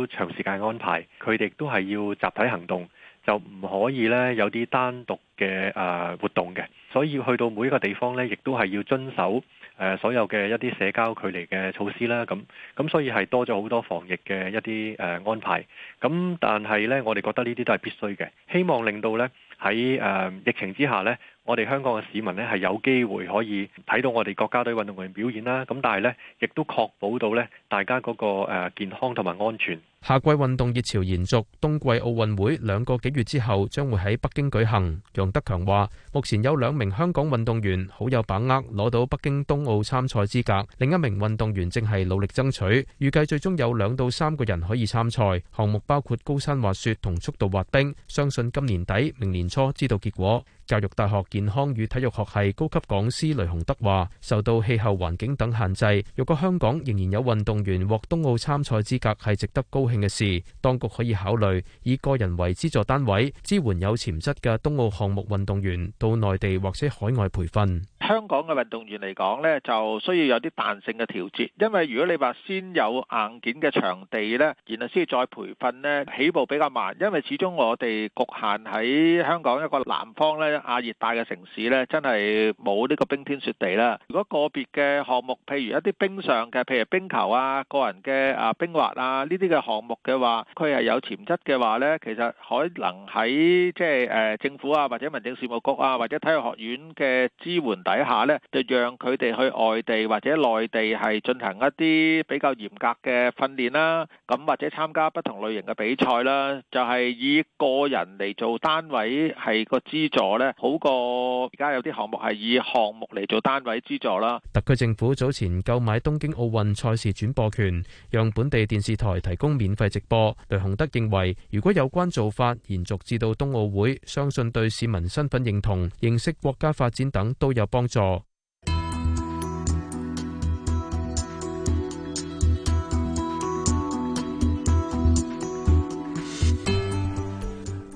好長時間安排，佢哋都係要集體行動，就唔可以咧有啲單獨嘅誒活動嘅。所以去到每一個地方咧，亦都係要遵守誒所有嘅一啲社交距離嘅措施啦。咁咁所以係多咗好多防疫嘅一啲誒安排。咁但係咧，我哋覺得呢啲都係必須嘅，希望令到咧喺誒疫情之下咧，我哋香港嘅市民呢，係有機會可以睇到我哋國家隊運動員表演啦。咁但係呢亦都確保到呢大家嗰個誒健康同埋安全。夏季運動熱潮延續，冬季奧運會兩個幾月之後將會喺北京舉行。楊德強話：目前有兩名香港運動員好有把握攞到北京冬奧參賽資格，另一名運動員正係努力爭取。預計最終有兩到三個人可以參賽，項目包括高山滑雪同速度滑冰。相信今年底明年初知道結果。教育大學健康與體育學系高級講師雷雄德話，受到氣候環境等限制，若果香港仍然有運動員獲冬奧參賽資格，係值得高興嘅事。當局可以考慮以個人為資助單位，支援有潛質嘅冬奧項目運動員到內地或者海外培訓。香港嘅運動員嚟講呢，就需要有啲彈性嘅調節，因為如果你話先有硬件嘅場地呢，然後先再培訓呢，起步比較慢，因為始終我哋局限喺香港一個南方呢亞熱帶嘅城市呢，真係冇呢個冰天雪地啦。如果個別嘅項目，譬如一啲冰上嘅，譬如冰球啊、個人嘅啊冰滑啊呢啲嘅項目嘅話，佢係有潛質嘅話呢，其實可能喺即係政府啊，或者民政事務局啊，或者體育學院嘅支援。底下咧，就讓佢哋去外地或者內地係進行一啲比較嚴格嘅訓練啦，咁或者參加不同類型嘅比賽啦，就係以個人嚟做單位係個資助咧，好過而家有啲項目係以項目嚟做單位資助啦。特區政府早前購買東京奧運賽事轉播權，讓本地電視台提供免費直播。雷雄德認為，如果有關做法延續至到冬奧會，相信對市民身份認同、認識國家發展等都有幫助。幫助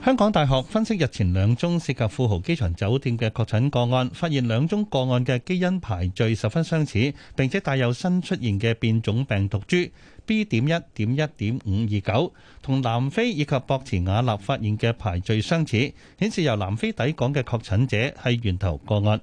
香港大學分析日前兩宗涉及富豪機場酒店嘅確診個案，發現兩宗個案嘅基因排序十分相似，並且帶有新出現嘅變種病毒株 B. 點一點一點五二九，同南非以及博茨瓦納發現嘅排序相似，顯示由南非抵港嘅確診者係源頭個案。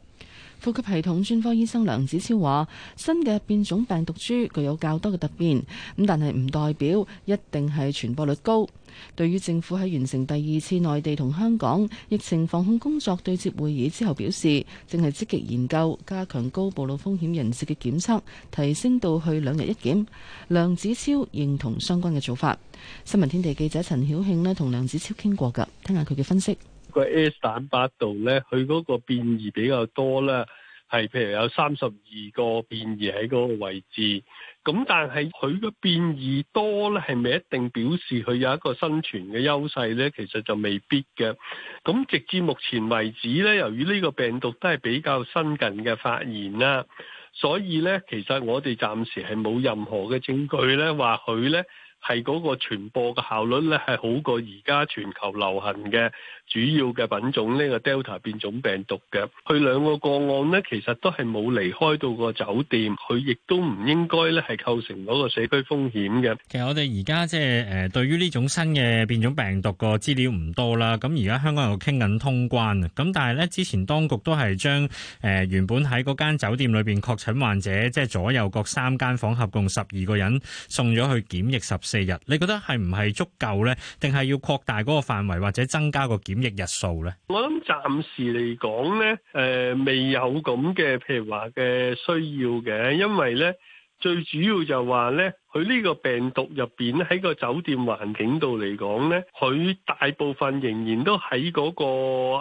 呼吸系統專科醫生梁子超話：新嘅變種病毒株具有較多嘅突變，咁但係唔代表一定係傳播率高。對於政府喺完成第二次內地同香港疫情防控工作對接會議之後表示，正係積極研究加強高暴露風險人士嘅檢測，提升到去兩日一檢。梁子超認同相關嘅做法。新聞天地記者陳曉慶呢，同梁子超傾過㗎，聽下佢嘅分析。個 S, S 蛋白度咧，佢嗰個變異比較多咧，係譬如有三十二個變異喺嗰個位置。咁但係佢嘅變異多咧，係咪一定表示佢有一個生存嘅優勢咧？其實就未必嘅。咁直至目前為止咧，由於呢個病毒都係比較新近嘅發現啦，所以咧，其實我哋暫時係冇任何嘅證據咧，話佢咧係嗰個傳播嘅效率咧係好過而家全球流行嘅。主要嘅品種呢個 Delta 變種病毒嘅，佢兩個個案咧其實都係冇離開到個酒店，佢亦都唔應該咧係構成到個社區風險嘅。其實我哋而家即係誒對於呢種新嘅變種病毒個資料唔多啦，咁而家香港又傾緊通關，咁但係咧之前當局都係將誒原本喺嗰間酒店裏邊確診患者，即係左右各三間房合共十二個人送咗去檢疫十四日，你覺得係唔係足夠咧？定係要擴大嗰個範圍或者增加個檢？億日數咧，我諗暫時嚟講咧，誒、呃，未有咁嘅譬如話嘅需要嘅，因為咧，最主要就係話咧，佢呢個病毒入邊喺個酒店環境度嚟講咧，佢大部分仍然都喺嗰、那個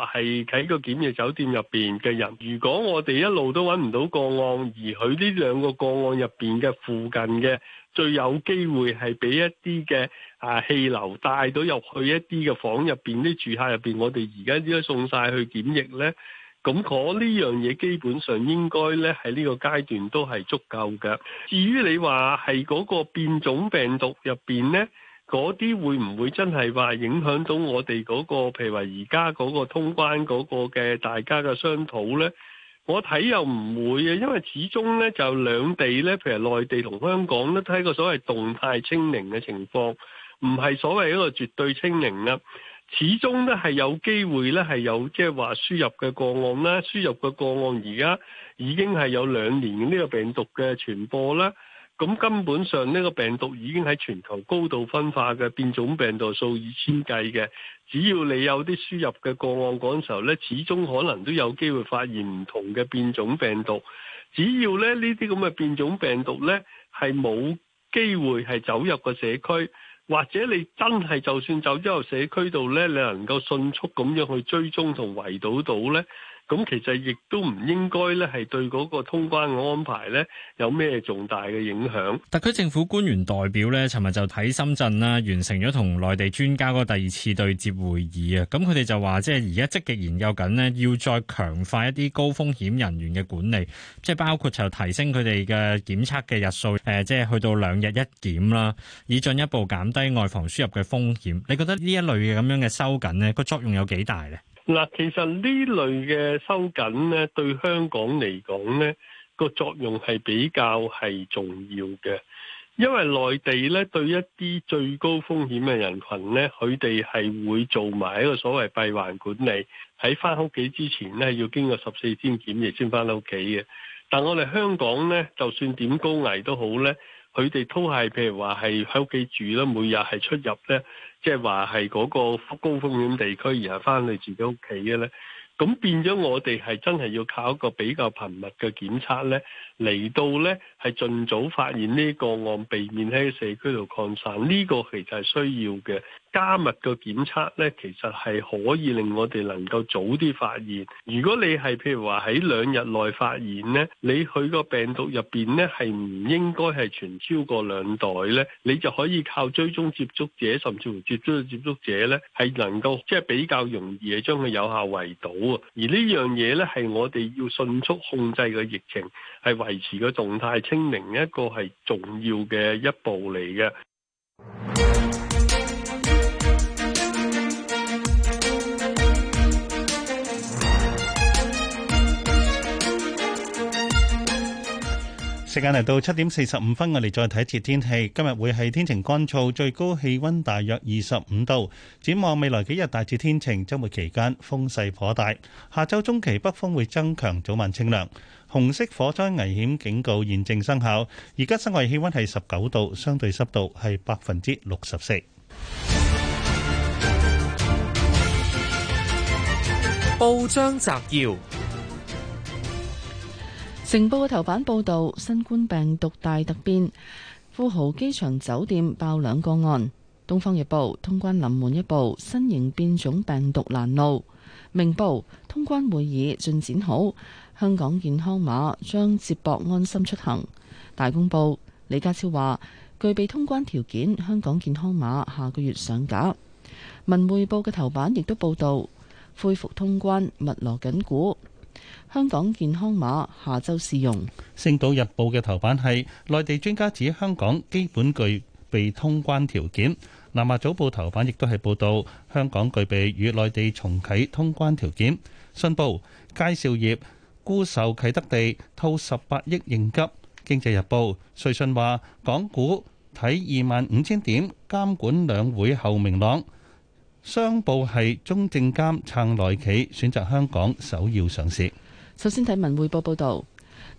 係喺個檢疫酒店入邊嘅人。如果我哋一路都搵唔到個案，而佢呢兩個個，個案入邊嘅附近嘅。最有機會係俾一啲嘅啊氣流帶到入去一啲嘅房入邊啲住客入邊，我哋而家應該送晒去檢疫呢。咁嗰呢樣嘢基本上應該呢，喺呢個階段都係足夠嘅。至於你話係嗰個變種病毒入邊呢，嗰啲會唔會真係話影響到我哋嗰個，譬如話而家嗰個通關嗰個嘅大家嘅商討呢？我睇又唔會嘅，因為始終呢就兩地咧，譬如內地同香港咧，睇個所謂動態清零嘅情況，唔係所謂一個絕對清零啦。始終呢係有機會呢係有即係話輸入嘅個案啦，輸入嘅個案而家已經係有兩年呢個病毒嘅傳播啦。咁根本上呢個病毒已經喺全球高度分化嘅變種病毒數以千計嘅，只要你有啲輸入嘅個案嗰時候呢，始終可能都有機會發現唔同嘅變種病毒。只要咧呢啲咁嘅變種病毒呢，係冇機會係走入個社區，或者你真係就算走咗入社區度呢，你能夠迅速咁樣去追蹤同圍堵到呢。咁其實亦都唔應該咧，係對嗰個通關嘅安排咧有咩重大嘅影響？特區政府官員代表咧，尋日就喺深圳啦，完成咗同內地專家個第二次對接會議啊。咁佢哋就話，即係而家積極研究緊咧，要再強化一啲高風險人員嘅管理，即係包括就提升佢哋嘅檢測嘅日數，誒，即係去到兩日一檢啦，以進一步減低外防輸入嘅風險。你覺得呢一類嘅咁樣嘅收緊呢個作用有幾大呢？嗱，其實呢類嘅收緊呢，對香港嚟講呢，個作用係比較係重要嘅，因為內地呢，對一啲最高風險嘅人群呢，佢哋係會做埋一個所謂閉環管理，喺翻屋企之前呢，要經過十四天檢疫先翻到屋企嘅。但我哋香港呢，就算點高危都好呢。佢哋都係譬如話係喺屋企住啦，每日係出入咧，即係話係嗰個高風險地區，然後返去自己屋企嘅咧，咁變咗我哋係真係要靠一個比較頻密嘅檢測咧，嚟到咧。係盡早發現呢個案，避免喺社區度擴散。呢個其實係需要嘅。加密個檢測呢其實係可以令我哋能夠早啲發現。如果你係譬如話喺兩日內發現呢，你佢個病毒入邊呢係唔應該係全超過兩代呢，你就可以靠追蹤接觸者，甚至乎接觸嘅接觸者呢係能夠即係比較容易係將佢有效圍堵啊。而呢樣嘢呢，係我哋要迅速控制個疫情，係維持個動態。清零一個係重要嘅一步嚟嘅。時間嚟到七點四十五分，我哋再睇一次天氣。今日會係天晴乾燥，最高氣溫大約二十五度。展望未來幾日大致天晴，周末期間風勢頗大，下周中期北風會增強，早晚清涼。紅色火災危險警告現正生效。而家室外氣溫係十九度，相對濕度係百分之六十四。報章摘要：成報嘅頭版報道，新冠病毒大突變，富豪機場酒店爆兩個案。東方日報通關臨門一步，新型變種病毒攔路。明報通關會議進展好。香港健康碼將接駁安心出行大公報李家超話，具備通關條件，香港健康碼下個月上架。文匯報嘅頭版亦都報道，恢復通關密鑼緊鼓。香港健康碼下周試用。星島日報嘅頭版係內地專家指香港基本具備通關條件。南華早報頭版亦都係報道香港具備與內地重啟通關條件。信報、佳兆業。沽售啟德地，套十八億應急。經濟日報，瑞信話港股睇二萬五千點，監管兩會後明朗。商報係中證監撐內企，選擇香港首要上市。首先睇文匯報報道。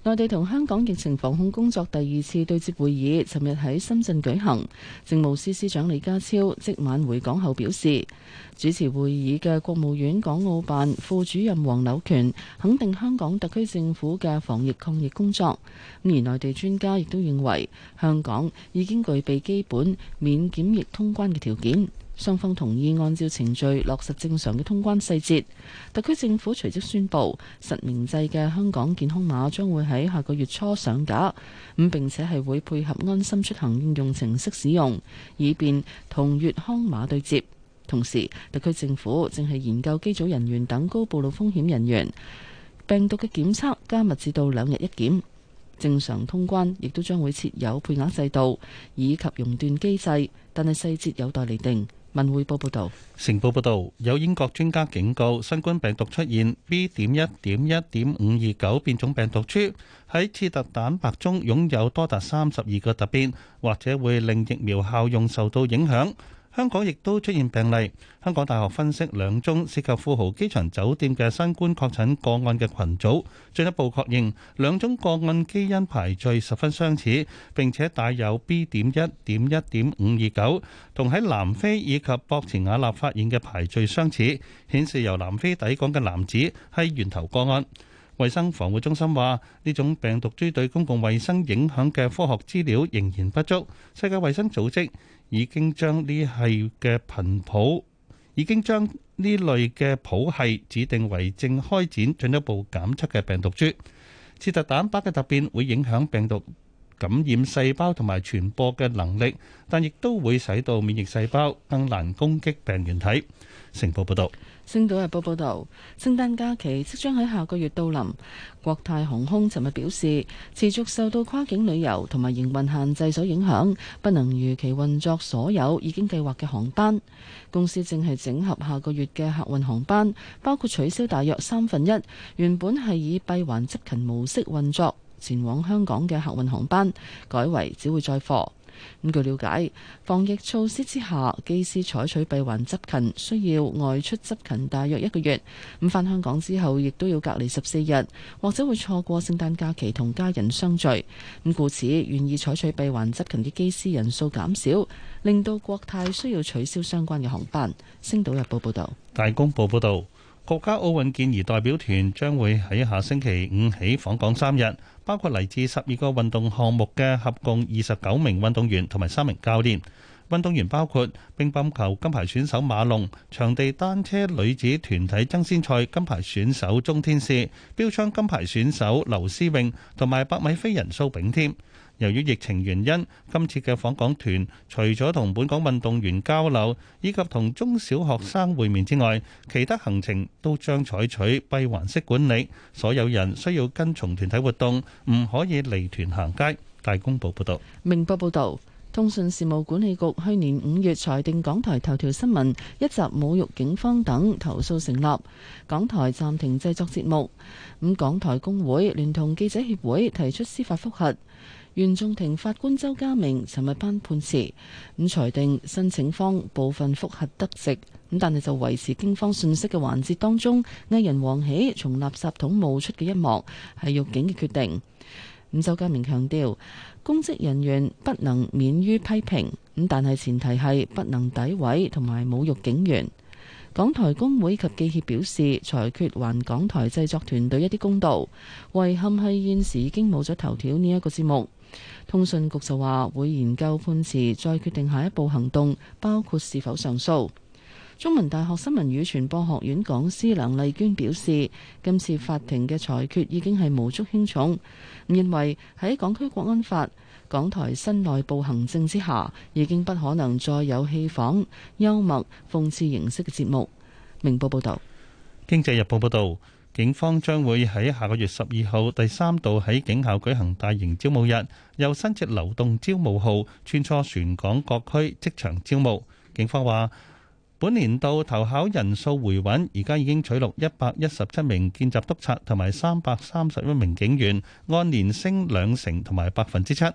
內地同香港疫情防控工作第二次對接會議，尋日喺深圳舉行。政務司司長李家超即晚回港後表示，主持會議嘅國務院港澳辦副主任黃柳權肯定香港特區政府嘅防疫抗疫工作。咁而內地專家亦都認為，香港已經具備基本免檢疫通關嘅條件。雙方同意按照程序落實正常嘅通關細節。特區政府隨即宣布，實名制嘅香港健康碼將會喺下個月初上架，咁並且係會配合安心出行應用程式使用，以便同粵康碼對接。同時，特區政府正係研究機組人員等高暴露風險人員病毒嘅檢測，加密至到兩日一檢。正常通關亦都將會設有配額制度以及熔斷機制，但係細節有待釐定。文匯報報道，成報報道，有英國專家警告，新冠病毒出現 B 點一點一點五二九變種病毒株，喺刺突蛋白中擁有多達三十二個突變，或者會令疫苗效用受到影響。香港亦都出現病例。香港大學分析兩宗涉及富豪機場酒店嘅新冠確診個案嘅群組，進一步確認兩宗個案基因排序十分相似，並且帶有 B. 點一點一點五二九，同喺南非以及博茨瓦納發現嘅排序相似，顯示由南非抵港嘅男子係源頭個案。衛生防護中心話：呢種病毒株對公共衛生影響嘅科學資料仍然不足。世界衛生組織已經將呢係嘅頻譜已經將呢類嘅譜系指定為正開展進一步檢測嘅病毒株。刺突蛋白嘅突變會影響病毒感染細胞同埋傳播嘅能力，但亦都會使到免疫細胞更難攻擊病原體。成報報道。星島日報報道，聖誕假期即將喺下個月到臨，國泰航空尋日表示，持續受到跨境旅遊同埋營運限制所影響，不能如期運作所有已經計劃嘅航班。公司正係整合下個月嘅客運航班，包括取消大約三分一，原本係以閉環執勤模式運作，前往香港嘅客運航班，改為只會載貨。咁據了解，防疫措施之下，機師採取閉環執勤，需要外出執勤大約一個月。咁返香港之後，亦都要隔離十四日，或者會錯過聖誕假期同家人相聚。咁故此，願意採取閉環執勤嘅機師人數減少，令到國泰需要取消相關嘅航班。星島日報報道。大公報報道。國家奧運健兒代表團將會喺下星期五起訪港三日，包括嚟自十二個運動項目嘅合共二十九名運動員同埋三名教練。運動員包括乒乓球金牌選手馬龍、場地單車女子團體爭先賽金牌選手鍾天使、標槍金牌選手劉詩穎同埋百米飛人蘇炳添。由於疫情原因，今次嘅訪港團除咗同本港運動員交流以及同中小學生會面之外，其他行程都將採取閉環式管理。所有人需要跟從團體活動，唔可以離團行街。大公報報道，明報報道，通訊事務管理局去年五月裁定港台頭條新聞一集侮辱警方等投訴成立，港台暫停製作節目。咁，港台工會聯同記者協會提出司法覆核。原訟庭法官周家明尋日頒判詞咁裁定，申請方部分覆核得席咁，但係就維持警方信息嘅環節當中，藝人王喜從垃圾桶冒出嘅一幕係辱警嘅決定。咁周家明強調，公職人員不能免於批評咁，但係前提係不能詆毀同埋侮辱警員。港台工會及記協表示，裁決還港台製作團隊一啲公道，遺憾係現時已經冇咗頭條呢一個節目。通訊局就話會研究判詞，再決定下一步行動，包括是否上訴。中文大學新聞與傳播學院講師梁麗娟表示，今次法庭嘅裁決已經係無足輕重，認為喺港區國安法、港台新內部行政之下，已經不可能再有戲仿、幽默、諷刺形式嘅節目。明報報道。經濟日報報道。警方將會喺下個月十二號第三度喺警校舉行大型招募日，又新設流動招募號，穿梭全港各區即場招募。警方話，本年度投考人數回穩，而家已經取錄一百一十七名見習督察同埋三百三十一名警員，按年升兩成同埋百分之七。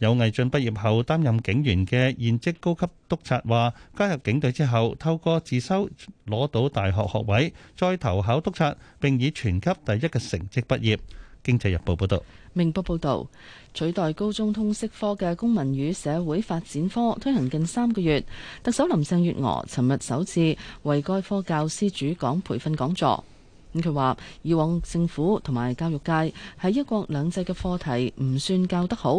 有毅進畢業後擔任警員嘅現職高級督察話：加入警隊之後，透過自修攞到大學學位，再投考督察，並以全級第一嘅成績畢業。經濟日報報道，明報報道，取代高中通識科嘅公民與社會發展科推行近三個月，特首林鄭月娥尋日首次為該科教師主講培訓講座。咁佢話：以往政府同埋教育界喺一國兩制嘅課題唔算教得好，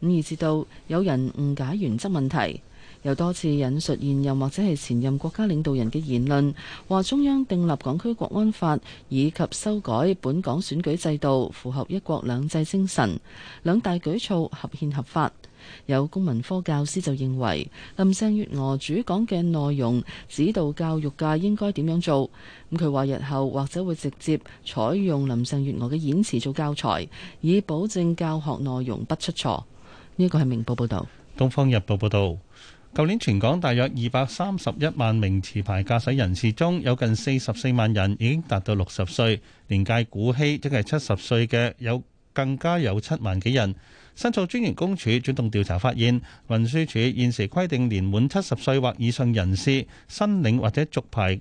咁而至到有人誤解原則問題，又多次引述現任或者係前任國家領導人嘅言論，話中央訂立港區國安法以及修改本港選舉制度符合一國兩制精神，兩大舉措合憲合法。有公民科教師就認為林鄭月娥主講嘅內容指導教育界應該點樣做，咁佢話日後或者會直接採用林鄭月娥嘅演辭做教材，以保證教學內容不出錯。呢個係明報報道。《東方日報》報道，舊年全港大約二百三十一萬名持牌駕駛人士中，有近四十四萬人已經達到六十歲，年屆古稀，即係七十歲嘅有更加有七萬幾人。申訴專員公署主動調查發現，運輸署現時規定年滿七十歲或以上人士申領或者續牌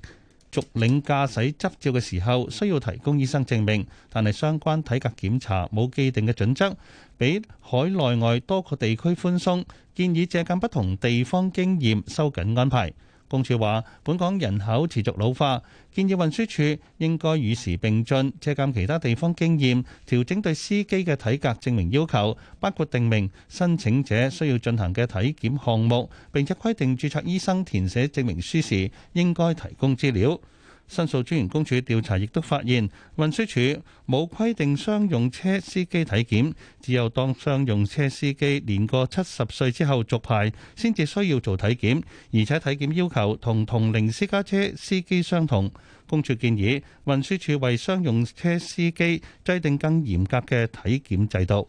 續領駕駛執照嘅時候，需要提供醫生證明，但係相關體格檢查冇既定嘅準則，比海內外多個地區寬鬆，建議借鑑不同地方經驗，收緊安排。公署話：本港人口持續老化，建議運輸署應該與時並進，借鑑其他地方經驗，調整對司機嘅體格證明要求，包括定明申請者需要進行嘅體檢項目，並且規定註冊醫生填寫證明書時應該提供資料。申訴專員公署調查亦都發現，運輸署冇規定商用車司機體檢，只有當商用車司機年過七十歲之後續牌，先至需要做體檢，而且體檢要求同同齡私家車司機相同。公署建議運輸署為商用車司機制定更嚴格嘅體檢制度。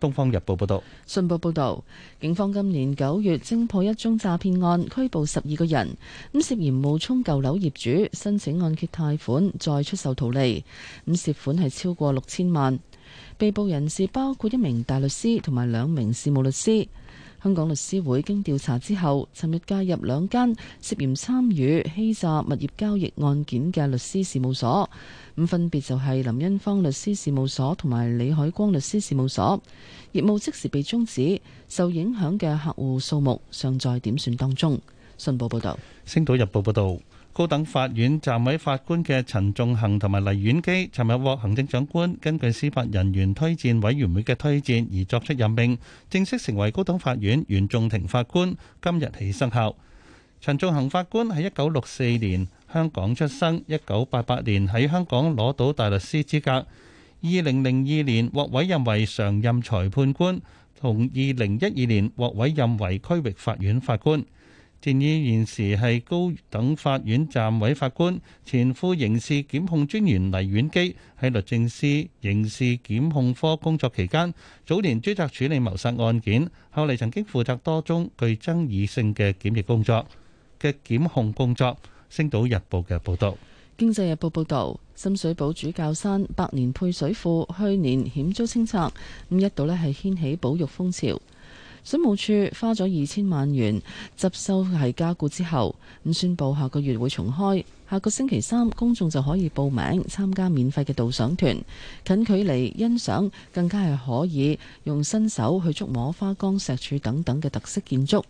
東方日報報道，信報報道，警方今年九月偵破一宗詐騙案，拘捕十二個人，咁涉嫌冒充舊樓業主申請按揭貸款，再出售圖利，咁涉款係超過六千萬。被捕人士包括一名大律師同埋兩名事務律師。香港律師會經調查之後，尋日介入兩間涉嫌參與欺詐物業交易案件嘅律師事務所，咁分別就係林恩芳律師事務所同埋李海光律師事務所，業務即時被終止，受影響嘅客戶數目尚在點算當中。信報報道，《星島日報》報道。高等法院暫委法官嘅陳仲恒同埋黎婉基，尋日獲行政長官根據司法人員推薦委員會嘅推薦而作出任命，正式成為高等法院原訟庭法官，今日起生效。陳仲恒法官喺一九六四年香港出生，一九八八年喺香港攞到大律師資格，二零零二年獲委任為常任裁判官，同二零一二年獲委任為區域法院法官。建議現時係高等法院暫委法官、前副刑事檢控專員黎婉基，喺律政司刑事檢控科工作期間，早年追責處理謀殺案件，後嚟曾經負責多宗具爭議性嘅檢疫工作嘅檢控工作。《星島日報》嘅報道，《經濟日報》報道，深水埗主教山百年配水庫去年險遭清拆，咁一度咧係掀起保育風潮。水務署花咗二千萬元執收係加固之後，唔宣布下個月會重開，下個星期三公眾就可以報名參加免費嘅導賞團，近距離欣賞，更加係可以用伸手去觸摸花崗石柱等等嘅特色建築。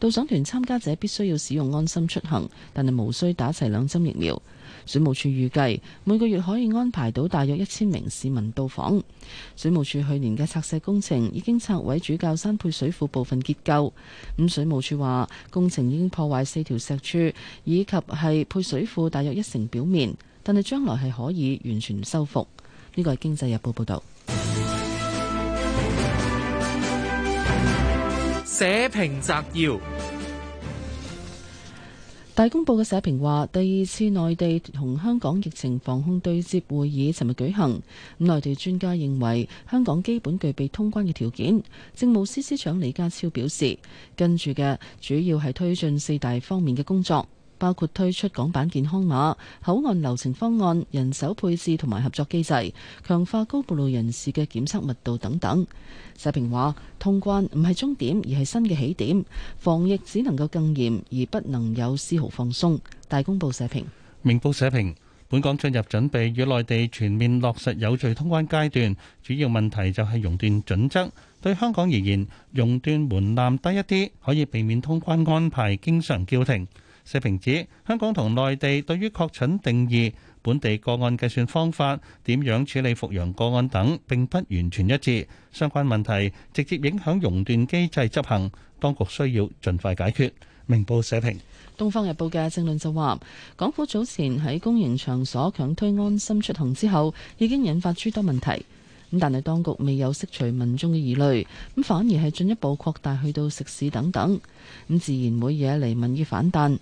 導賞團參加者必須要使用安心出行，但係無需打齊兩針疫苗。水務處預計每個月可以安排到大約一千名市民到訪。水務處去年嘅拆卸工程已經拆毀主教山配水庫部分結構。咁水務處話，工程已經破壞四條石柱以及係配水庫大約一成表面，但係將來係可以完全修復。呢個係《經濟日報》報道。社評摘要。大公報嘅社評話：第二次內地同香港疫情防控對接會議，尋日舉行。咁內地專家認為香港基本具備通關嘅條件。政務司司長李家超表示，跟住嘅主要係推進四大方面嘅工作。包括推出港版健康碼、口岸流程方案、人手配置同埋合作機制，強化高暴露人士嘅檢測密度等等。社評話：通關唔係終點，而係新嘅起點，防疫只能夠更嚴，而不能有絲毫放鬆。大公報社評，明報社評，本港進入準備與內地全面落實有序通關階段，主要問題就係熔斷準則。對香港而言，熔斷門檻低一啲，可以避免通關安排經常叫停。社評指香港同內地對於確診定義、本地個案計算方法、點樣處理復陽個案等並不完全一致，相關問題直接影響熔斷機制執行，當局需要盡快解決。明報社評，《東方日報》嘅政論就話，港府早前喺公營場所強推安心出行之後，已經引發諸多問題，咁但係當局未有釋除民眾嘅疑慮，咁反而係進一步擴大去到食肆等等，咁自然會惹嚟民意反彈。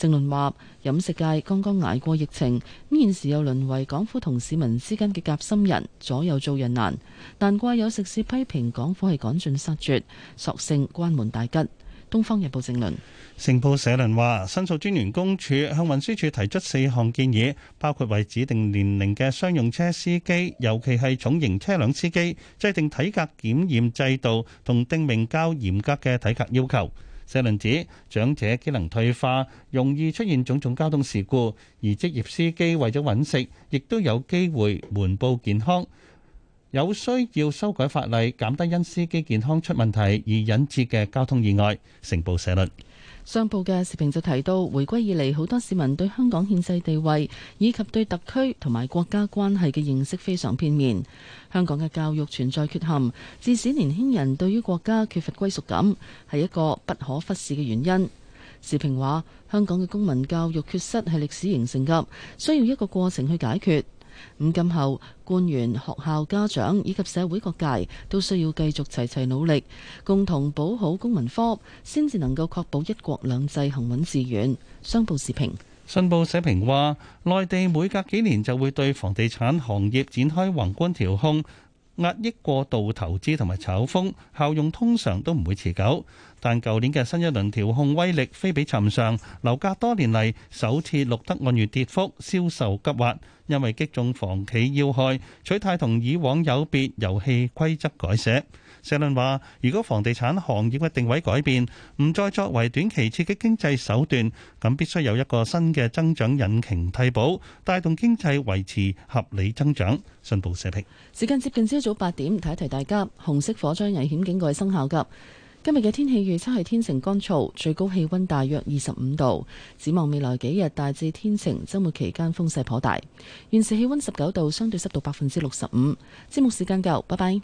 正論話，飲食界剛剛挨過疫情，現時又淪為港府同市民之間嘅夾心人，左右做人難。難怪有食肆批評港府係趕盡殺絕，索性關門大吉。東方日報正論，成報社論話，申訴專員公署向運輸處提出四項建議，包括為指定年齡嘅商用車司機，尤其係重型車輛司機，制定體格檢驗制度，同訂明較嚴格嘅體格要求。社論指長者機能退化，容易出現種種交通事故，而職業司機為咗揾食，亦都有機會瞞報健康。有需要修改法例，減低因司機健康出問題而引致嘅交通意外，成報社論。上報嘅視頻就提到，回歸以嚟好多市民對香港憲制地位以及對特區同埋國家關係嘅認識非常片面。香港嘅教育存在缺陷，致使年輕人對於國家缺乏歸屬感，係一個不可忽視嘅原因。視頻話，香港嘅公民教育缺失係歷史形成嘅，需要一個過程去解決。咁今後，官員、學校、家長以及社會各界都需要繼續齊齊努力，共同保好公民科，先至能夠確保一國兩制行穩致遠。商報時評，信報社評話，內地每隔幾年就會對房地產行業展開宏觀調控，壓抑過度投資同埋炒風效用通常都唔會持久。但舊年嘅新一輪調控威力非比尋常，樓價多年嚟首次錄得按月跌幅，銷售急滑，因為擊中房企要害，取態同以往有別，遊戲規則改寫。社論話：如果房地產行業嘅定位改變，唔再作為短期刺激經濟手段，咁必須有一個新嘅增長引擎替補，帶動經濟維持合理增長。信報社評。時間接近朝早八點，提一提大家紅色火災危險警告生效噶。今日嘅天氣預測係天晴乾燥，最高氣溫大約二十五度。展望未來幾日大致天晴，周末期間風勢頗大。現時氣溫十九度，相對濕度百分之六十五。節目時間夠，拜拜。